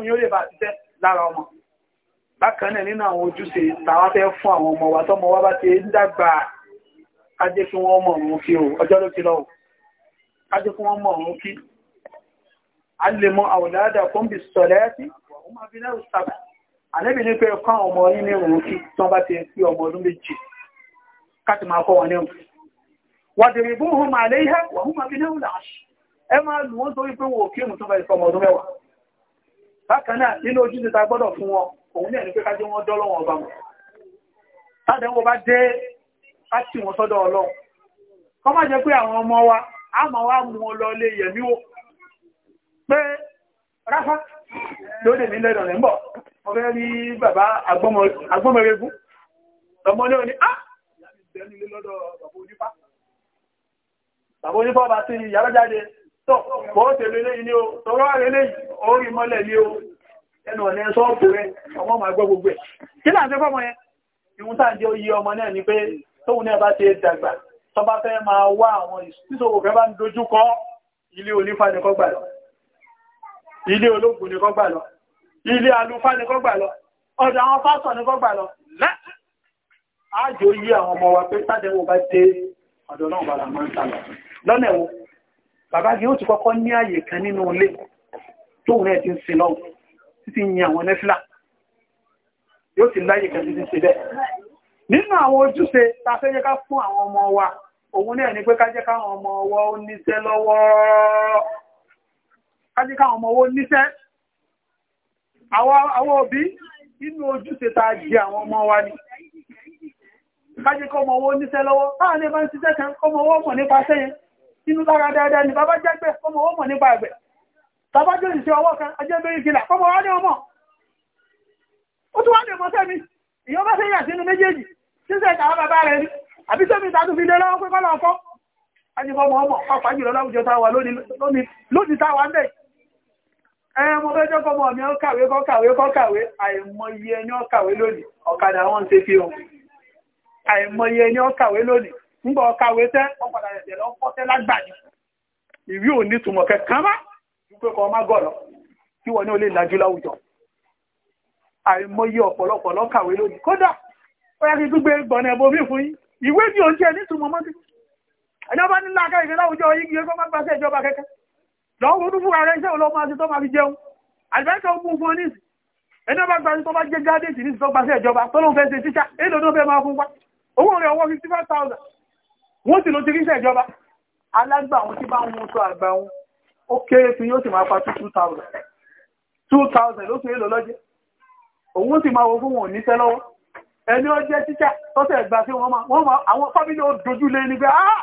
nínú àwọn ojúṣe tàwa fẹ́ fún àwọn ọmọ wa tọ́mọ wa bá ti ń dàgbà kájé fún wọn mọ̀ ọ̀run kí ọjọ́ ló ti lọ o fún wọn mọ̀ ọ̀run kí alìmọ̀ àwòládà fún bí sọ̀lẹ́ẹ́tì wọ́n máa bí náà sábà àlẹ́bì ní pé kọ́ ọmọ yín ní òun kí tán bá ti pé ọmọ ọdún méjì káti máa kọ́ wọn ní òun wàdìrì bó hùn máa lé ihe wọ́n máa bí náà láàṣì ẹ máa lù wọ́n torí pé wọ́n kí èmù pé ráfá lóde mi lẹ́dọ̀ rẹ̀ ń bọ̀ ọ̀rẹ́ rí bàbá agbọ́mọ̀rẹ́gún ọmọ ní òní ah bàbá onífà bá sí ìyàrá jáde tó bọ́ tèlé lẹ́yìn ní o tọrọ rẹ̀ lẹ́yìn orí mọ́lẹ̀ ní o ẹnu ọ̀nà ẹ̀ṣọ́ọ̀pù rẹ̀ ọmọ ma gbọ́ gbogbo ẹ̀ kí là ń fẹ́ fọ́mọ yẹn ìwọ̀n tàà jẹ́ oyí ọmọ náà ni pé tóun náà bá ti dàgbà tó bá fẹ́ máa wá àwọn ìṣòro fẹ́ bá ń dojúkọ ilé onífà nìkan gbà lọ ilé ológun ni kọ́gbà lọ ilé alúfá ni kọ́gbà lọ ọ̀dọ̀ àwọn pásọ̀ ni kọ́gbà lọ lẹ́ àjò yí àwọn ọmọ wa pé sádẹ́wò bá dé ọ̀dọ̀ náà bàrà máa ń ta lọ lọ́nà ẹ̀wọ̀ bàbá gi ó ti kọ́kọ́ ní àyè kan nínú ilé tó rẹ̀ ti ń sin lọ títí yin àwọn nẹ́fìlà yóò ti láyè kan títí ṣe bẹ́ẹ̀ nínú àwọn ojúṣe ta fẹ́ jẹ́ ká fún àwọn ọmọ wa òun náà ni pé ká jẹ́ káwọn ọmọ ọwọ́ ó níṣẹ́ lọ́wọ́ kájí káwọn ọmọ owó níṣẹ́ àwọn òbí inú ojúṣe ta jẹ àwọn ọmọ wa ni kájí kọ́ ọmọ owó níṣẹ́ lọ́wọ́ táà lè máa ń kan ọmọ owó mọ̀ nípa sẹ́yìn inú lára dáadáa ni bàbá jẹ́gbẹ́ ọmọ owó mọ̀ nípa ẹgbẹ́ bàbá jẹ́ ìṣẹ́ ọwọ́ kan ajẹ́ bẹ́ẹ̀ ìkìlà ọmọ wa ní ọmọ ó tún wá ní ọmọ sẹ́mi ìyọ́ bá sẹ́yìn àti inú méjèèjì ṣíṣẹ́ ìtàwọn bàbá rẹ̀ ni àbí sẹ́mi ìtàtù fi lé lọ́wọ́ pé kọ́lọ̀ ọkọ́ ajẹ́kọ́ ọmọ ọmọ pàápàá jùlọ láwùjọ táwa lónìí táwa ń ẹ mo fẹ́ jọ́kọ́ mọ̀ mi ó kàwé kọ́ kàwé kọ́ kàwé àìmọye ẹni ó kàwé lónìí ọ̀kadà wọn ń ṣe fi hàn àìmọye ẹni ó kàwé lónìí ńgbà ọ̀kàwé tẹ́ ọ̀padà ẹ̀jẹ̀ lọ fọ́tẹ́ lágbàdì ìwé ò ní túmọ̀ kẹkàn má dúpẹ́ kọ́ má gọ̀rọ̀ kí wọn ní ó lè lajú láwùjọ àìmọye ọ̀pọ̀lọpọ̀ ló kàwé lónìí kódà ó yẹ kí gbígbé gbọ̀nà ẹ̀bọ mi fún yín ìwé ni ò ń jẹ́ ní túmọ̀ mọ́tò ẹ̀jọba nílá akáyèké láwùjọ yìí kí ẹgbẹ́ má gbàṣẹ́ ìjọba kẹ́kẹ́ lọ́wọ́ tó fúra rẹ̀ iṣẹ́ olóòmọ́ àti tó máa fi jẹun àlùbáríkà ogun fún ní ẹni ọba gbajú tó bá jẹ gádẹ́sì ní ìtọ́gbà sí ìjọba tó ló ń fẹ́ ṣe tíṣà èlò tó fẹ́ máa fún wá owó rẹ̀ ọwọ́ 55,000 wọ́n sì ló ti ríṣẹ́ ìjọba alágbà wọn tí bá ń mú tó àgbà wọn ó kéré fún yóò sì máa pa 2,000 2,000 ló fi èlò lọ́jẹ́ òun sì máa wo fún wọn níṣẹ́ lọ́wọ́ ẹni ó jẹ́ tíṣà tọ́sẹ̀ ìgbà sí wọn máa àwọn fábílì ó dojú lé ní pé ah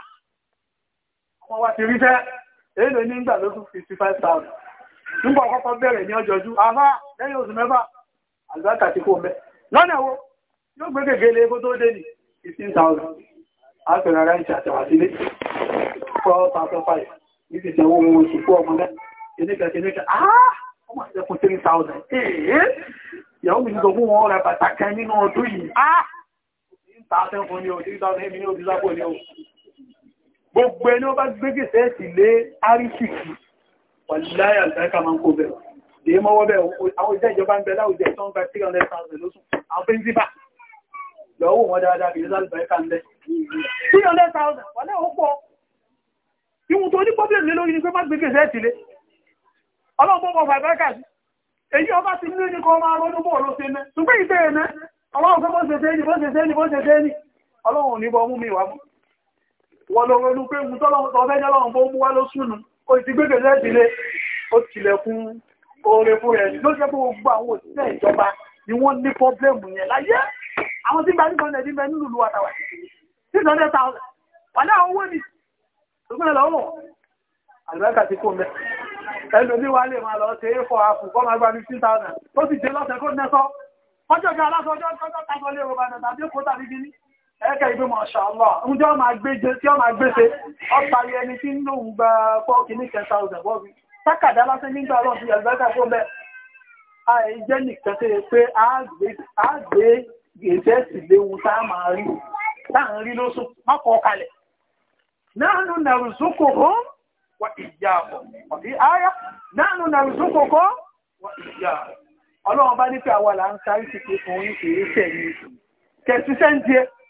wọn wá ti ríṣẹ́ èèlò ní ìgbà ló tún fifty five thousand nígbà kọ́kọ́ bẹ̀rẹ̀ ní ọjọ́jú àmọ́ lẹ́yìn oṣù mẹ́fà àlùbáàkà ti kó mẹ́ lọ́nà wo yóò gbé gègéle kó tó dé ní fifteen thousand àpẹẹrẹ ara ìṣe àtẹwà sílé four thousand five ní ti ṣe owó oṣù fún ọmọ náà kìnníkà kìnníkà ah ọmọ ìṣẹ́kùn three thousand ee ìyàwó mi ti sọ fún wọn ra bàtà kan nínú ọdún yìí ah ní ta sẹ́fún ni o three thousand eight million ti sábò gbogbo ẹni ó bá gbégèsẹ́ ti lé àríṣìkì wàláyà àtàríkà máa ń kó bẹ̀rẹ̀ lè mọ́wọ́ bẹ̀rẹ̀ àwọn iṣẹ́ ìjọba ń bẹ láwùjọ tó ń gba 300,000 lóṣù àwọn píńsípà lọ́wọ́ wọn dáadáa bí lálùbáríkà ń lẹ́ 300,000 wàlẹ́ ó pọ̀ ìwọ̀n tó ní problem lé lórí ni pé má gbégèsẹ́ ti lé ọlọ́pọ̀pọ̀ fàbẹ́kà sí èyí ọba ti ní ní kọ́ máa ronú bọ́ọ̀ ló ṣe mẹ́ ṣùgbọ́n ìfẹ́ ẹ̀mẹ́ ọlọ́run pé bó ṣe ṣe ní bó ṣe ṣe ní bó ṣe ṣe ní ọlọ́run ò ní bọ́ mú mi wà mú wọ́n lọ ronú pé mú tọ́lọ́fẹ́ jọ́lọ́run bó mú wá ló súnú ó ti gbé gẹ̀ẹ́sẹ̀ ìdílé ó tilẹ̀ fún oore fún rẹ̀ ló jẹ́ gbogbo àwọn òṣìṣẹ́ ìjọba ni wọ́n ní pọ́blẹ́mù yẹn láyé àwọn tí gbajúmọ̀ ní ẹ̀dí mẹ́nu lùlù àtàwà six hundred thousand wàlẹ́ àwọn owó ni ṣùgbọ́n lọ́wọ́ àlùbáríkà ti fún mi ẹlòmí wa lè máa lọ ṣe é fọ àpò kọ́ máa gba fifteen thousand ó sì jẹ́ lọ́sẹ̀ kó nẹ́sọ́ ọjọ́ ìjọ aláṣọ ọjọ́ ìjọ tàbí ẹ̀kẹ́ ìgbé mọ̀ṣà lọ ń jọ máa gbéje tí ó máa gbése ọparí ẹni tí ń lóun gba fọ́ọ̀kì ní kẹta ọ̀dẹ̀ bọ́ọ̀bí tákàdá lásán nígbà ọlọ́run ti yàgbẹ́ta fún bẹ́ẹ̀ àìjẹ́ nìkan tó yẹ pé àgbé gèdè sì léwu tá a máa rí tá à ń rí lóṣù mọ́kọ̀ kalẹ̀ nánú nàrùsókò hó wà ìyá ọ̀bí ayá nánú nàrùsókò hó wà ìyá ọlọ́run bá ní pé àwa là fún yín kì í ṣẹ̀yìn kẹ̀síṣẹ́ ń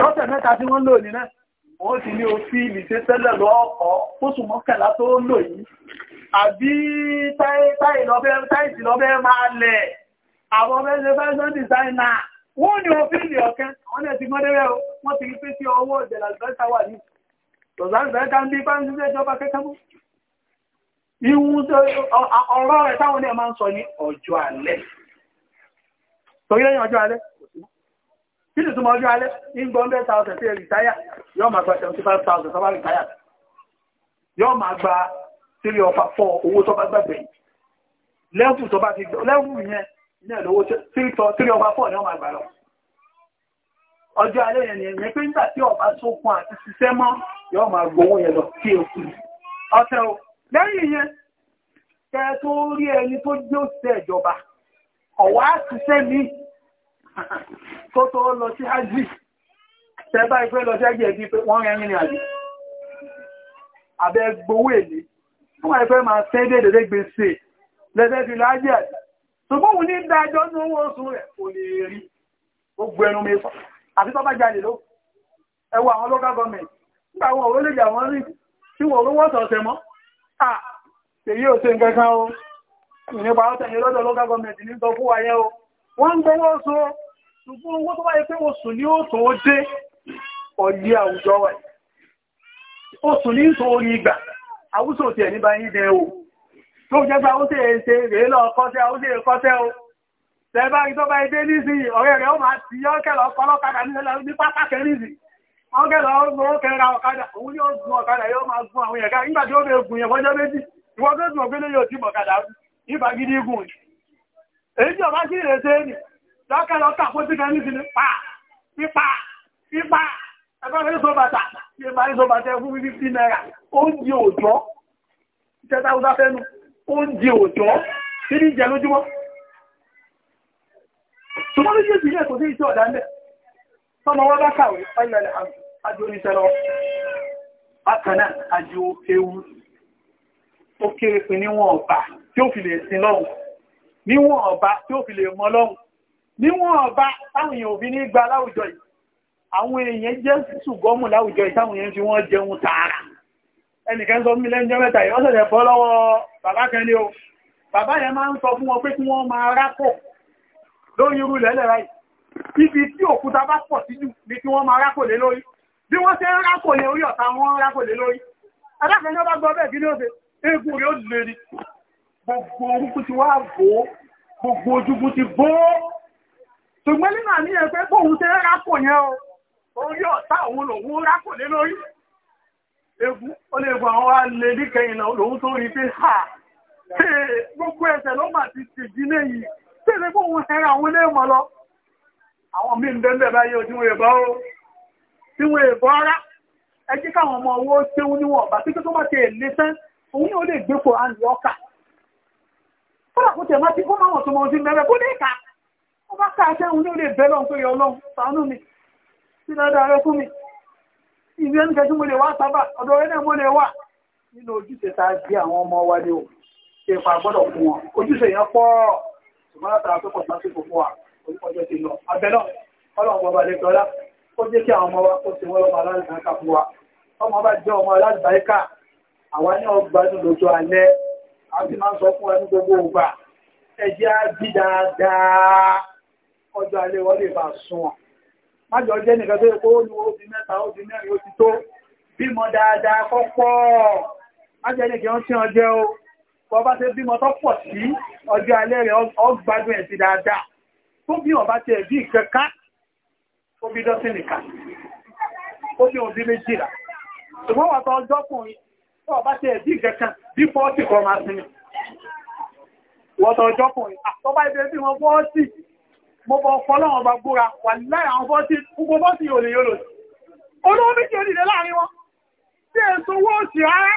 lọ́sẹ̀ mẹ́ta tí wọ́n lò ní náà wọ́n ti ní òfin ìlìṣẹ́ tẹ́lẹ̀ lọ́ọ̀kọ́ fóṣù mọ́kànlá tó lò yìí àbí táìsì lọ́bẹ́ máa lẹ̀ àwọn ọmọ ẹgbẹ́ fashion designer wọ́n ní òfin ìlì ọ̀kan wọ́n náà ti mọ́dẹ́rẹ́ o wọ́n ti pé sí ọwọ́ ìjẹ̀lá lọ́sẹ̀ wà ní lọ́sẹ̀ kan bí bá ń ṣiṣẹ́ ìjọba kẹ́kẹ́ mú ìwú ọ̀rọ̀ rẹ̀ táwọn ẹ̀ máa ń sọ ní ọjọ́ alẹ́ torí lẹ́yìn ọjọ́ alẹ́ kí ni túnmọ̀ ọjọ́ alẹ́ ní gbọ́ 100,000 tí ẹ rìtáyà yọ́ máa gba 75,000 tọ́bá rìtáyà yọ́ máa gba 3 ọfà 4 owó tọ́bá gbàgbẹ̀ lẹ́fù tọ́bá ti gbọ́ lẹ́fù yẹn ní ẹ̀lọ́wọ́ 3 ọfà 4 ni wọ́n máa gbà lọ ọjọ́ alẹ́ yẹn ni ẹ̀yẹn pé nígbà tí ọba sókun àti ṣiṣẹ́ mọ́ yọ́ máa gbowó yẹn lọ sí èkú ọ̀sẹ̀ o lẹ́yìn yẹn kẹ́ tó rí ẹni tó jẹ́ òṣìṣẹ́ ìjọba kó tó lọ sí hajji tẹ́bá ìfẹ́ lọ sí hajji ẹ̀bí pé wọ́n rẹ̀ rìnrìn àjò abẹ́ gbowó èlé fún àìfẹ́ máa tẹ́ dédédé gbèsè lẹ́fẹ́ fi lájì àjò ṣùgbọ́n òun ní dájọ́ ní owó oṣù rẹ̀ kò lè rí gbogbo ẹnu mẹ́fà àti tọ́bá jalè ló ẹwọ àwọn local government nígbà wọn òwe lè jà wọ́n rí tí wọ́n owó ọ̀sẹ̀ mọ́ ah èyí ò ṣe nǹkan kan o ìnípa ọ̀tẹ̀ ní lọ́dọ̀ local government ní sọ fún wa yẹn o wọ́n ń gbowó oṣù ṣùgbọ́n owó tó bá yẹ pé oṣù ní oṣù ó dé ọ̀yí àwùjọ wà oṣù ní oṣù orí ìgbà àwùsọ̀ tí ẹ̀ní bá yí dẹ o tó jẹ́ pé àwùsọ̀ èyí ṣe rèé lọ kọ́tẹ́ àwùsọ̀ èyí kọ́tẹ́ o tẹ́bá rí tó bá yẹ dé nísì ọ̀rẹ́ rẹ̀ ó máa ti yọ́ kẹ́lọ kọ́lọ́kadà ní pátákẹ́ nísì wọ́n kẹ́lọ ó kẹ́ra ọ̀kadà òun ni gun ọ̀kadà yóò máa gun àwọn ẹ̀ka lọ́kẹ́ lọ tàpó sí kan nísìnyí pa pípa pípa ẹgbẹ́ rẹ̀ sọ máa ń sọ bàtà ẹkún náírà oúnjẹ òòjọ́ ìjẹta ọdá fẹ́nu oúnjẹ òòjọ́ kí ní ìjẹ lójúmọ́ tí ó fi lè sin lọ́hùn níwọ̀n ọ̀bà tí ó fi lè mọ lọ́hùn níwọ̀n ọba táwọn èèyàn òfin ní gba láwùjọ yìí àwọn èèyàn jẹ́ ṣùgọ́mù láwùjọ yìí táwọn èèyàn fi wọ́n jẹun tààrà ẹnìkan sọ mí lẹ́njọ́ mẹ́ta yìí ọ̀sẹ̀ bọ́ lọ́wọ́ bàbá kan ní o bàbá yẹn máa ń sọ fún wọn pé kí wọ́n máa rápọ̀ lórí irú lẹ́lẹ̀ ráì ibi tí òkúta bá pọ̀ sí jù ní kí wọ́n máa rápọ̀ lé lórí bí wọ́n ṣe ń rápọ̀ lé orí ọ̀tá wọn rápọ̀ lé lórí adákanjọ́ bá gbọ́ bẹ́ẹ̀ kí ló ṣe eégún rẹ̀ ó lè rí gbogbo orúkú ti wá bò gbogbo ojúgun ti bò ṣùgbọ́n nínú àníyàn pé bóun ṣe rákò yẹn o òun yóò tá òun lòun rákò lé lórí egun ó lè gbọ́ àwọn alẹ́ ní kẹyìn náà lòun tó rí pé ha ṣe gbogbo ẹsẹ̀ ló mà ti tìjú léyìí ṣe lè bóun ẹran àwọn ilé mọ̀ lọ àwọn míì ń bẹ́ẹ̀ o tí wọn èbọ́ rárá ẹ jẹ́ káwọn ọmọ owó ṣéun níwọ̀n bá títí tó bá ti tẹ̀ máa ti kó máa wọ̀n tó mọ̀ ojú mẹ́rẹ̀ kó lè kà ó bá káàkẹ́hùn ní olè bẹ́lọ̀ pé ọlọ́run ṣàánú mi sí dáadáa rẹ fún mi ìlú ẹni kẹjú mo lè wá sábà ọ̀dọ̀ rẹ mo lè wà nínú ojúṣe ta bí àwọn ọmọ wa ní òun ṣe ipa ti máa ń sọ fún ẹni gbogbo ògbà ẹ̀jẹ̀ á ọjọ́ alẹ́ wọlé bá sún wọn májọ jẹ́ nìkan tó yẹ kó ní ó di mẹ́ta ó di mẹ́rin ó ti tó bímọ dáadáa kọ́ pọ̀ májọ nìkan ó tí wọn jẹ́ o bọ́ bá ṣe bímọ tó pọ̀ sí ọjọ́ alẹ́ rẹ̀ ó gbádùn ẹ̀ sí dáadáa tó bí wọn bá tiẹ̀ bí ìkẹ́ká ó bí dọ́sìn nìkan ó bí òbí méjìlá ṣùgbọ́n wà tó ọjọ́ kùnrin tó ọba tiẹ̀ bí ìkẹ́kan bí fọ́ọ̀tì kan mo bọ fọ́lọ́wọ́n bá búra wà láì àwọn bọ́sí gbogbo bọ́sí yóò lè yóò lòdì olówó méjì òdìdẹ láàrin wọn tí è sọ owó òsì rárá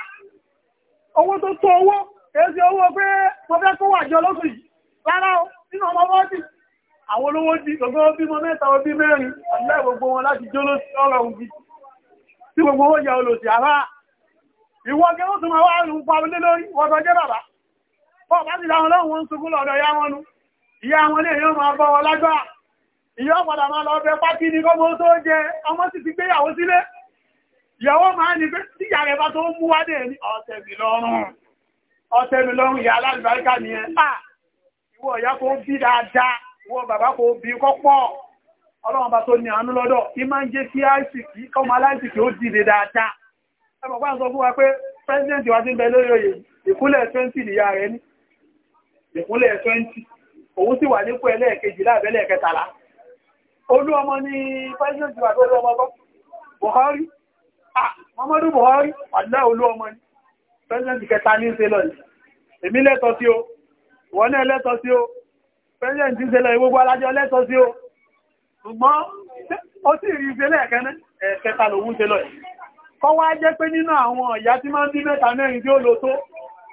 owó tó tó owó èsì owó pé mo kó wà jọ lóṣù yìí rárá o nínú ọmọ bọ́sí àwọn olówó di gbogbo bímọ mẹ́ta ọbí mẹ́rin àdúrà gbogbo wọn láti jó lóṣù ọ̀rọ̀ òun tí gbogbo owó yà olòṣì àbá ìwọ gẹ́gẹ́ tó máa wá lórí wọ́n sọ jẹ́ bàbá bọ́ọ̀ bá sì láwọn lọ́wọ́ ń sunkún lọ́dọ̀ yá wọn nu ìyá wọn ní èyàn máa bọ́ wọn lágbà ìyá padà máa lọ bẹ pátí ní kọ́mọ tó jẹ ọmọ sì ti gbéyàwó sílé ìyàwó máa ní pé tíyà rẹ̀ bá tó mú wádé ní ọ̀tẹ̀ mi lọ́rùn ọ̀tẹ̀ mi lọ́rùn ìyá alábìbáríkà nìyẹn à ah, ìwọ ìyá kò bí dáadáa ìwọ bàbá kò bí kọ́pọ̀ ọlọ́run bá tó ní àánú lọ́dọ̀ kí máa ń jẹ́ kí àìsìkí kọ́mọ òun sì wà nípò ẹlẹ́ẹ̀kejì láàbẹ̀lẹ̀ kẹtàlá olú ọmọ ní pẹ́sìdẹ̀ntì wà lórí ọmọ bọ́ Buhari ah Muhammadu Buhari wàlá olú ọmọ ní pẹ́sìdẹ̀ntì kẹta ní ìṣẹ́lọ yìí èmi lẹ́tọ̀ sí o wọ́n náà lẹ́tọ̀ sí o pẹ́sìdẹ̀ntì ìṣẹ́lọ yìí gbogbo alájọ lẹ́tọ̀ sí o ṣùgbọ́n ó sì rí ìṣẹ́lẹ̀ kẹta lòun ṣẹlọ yìí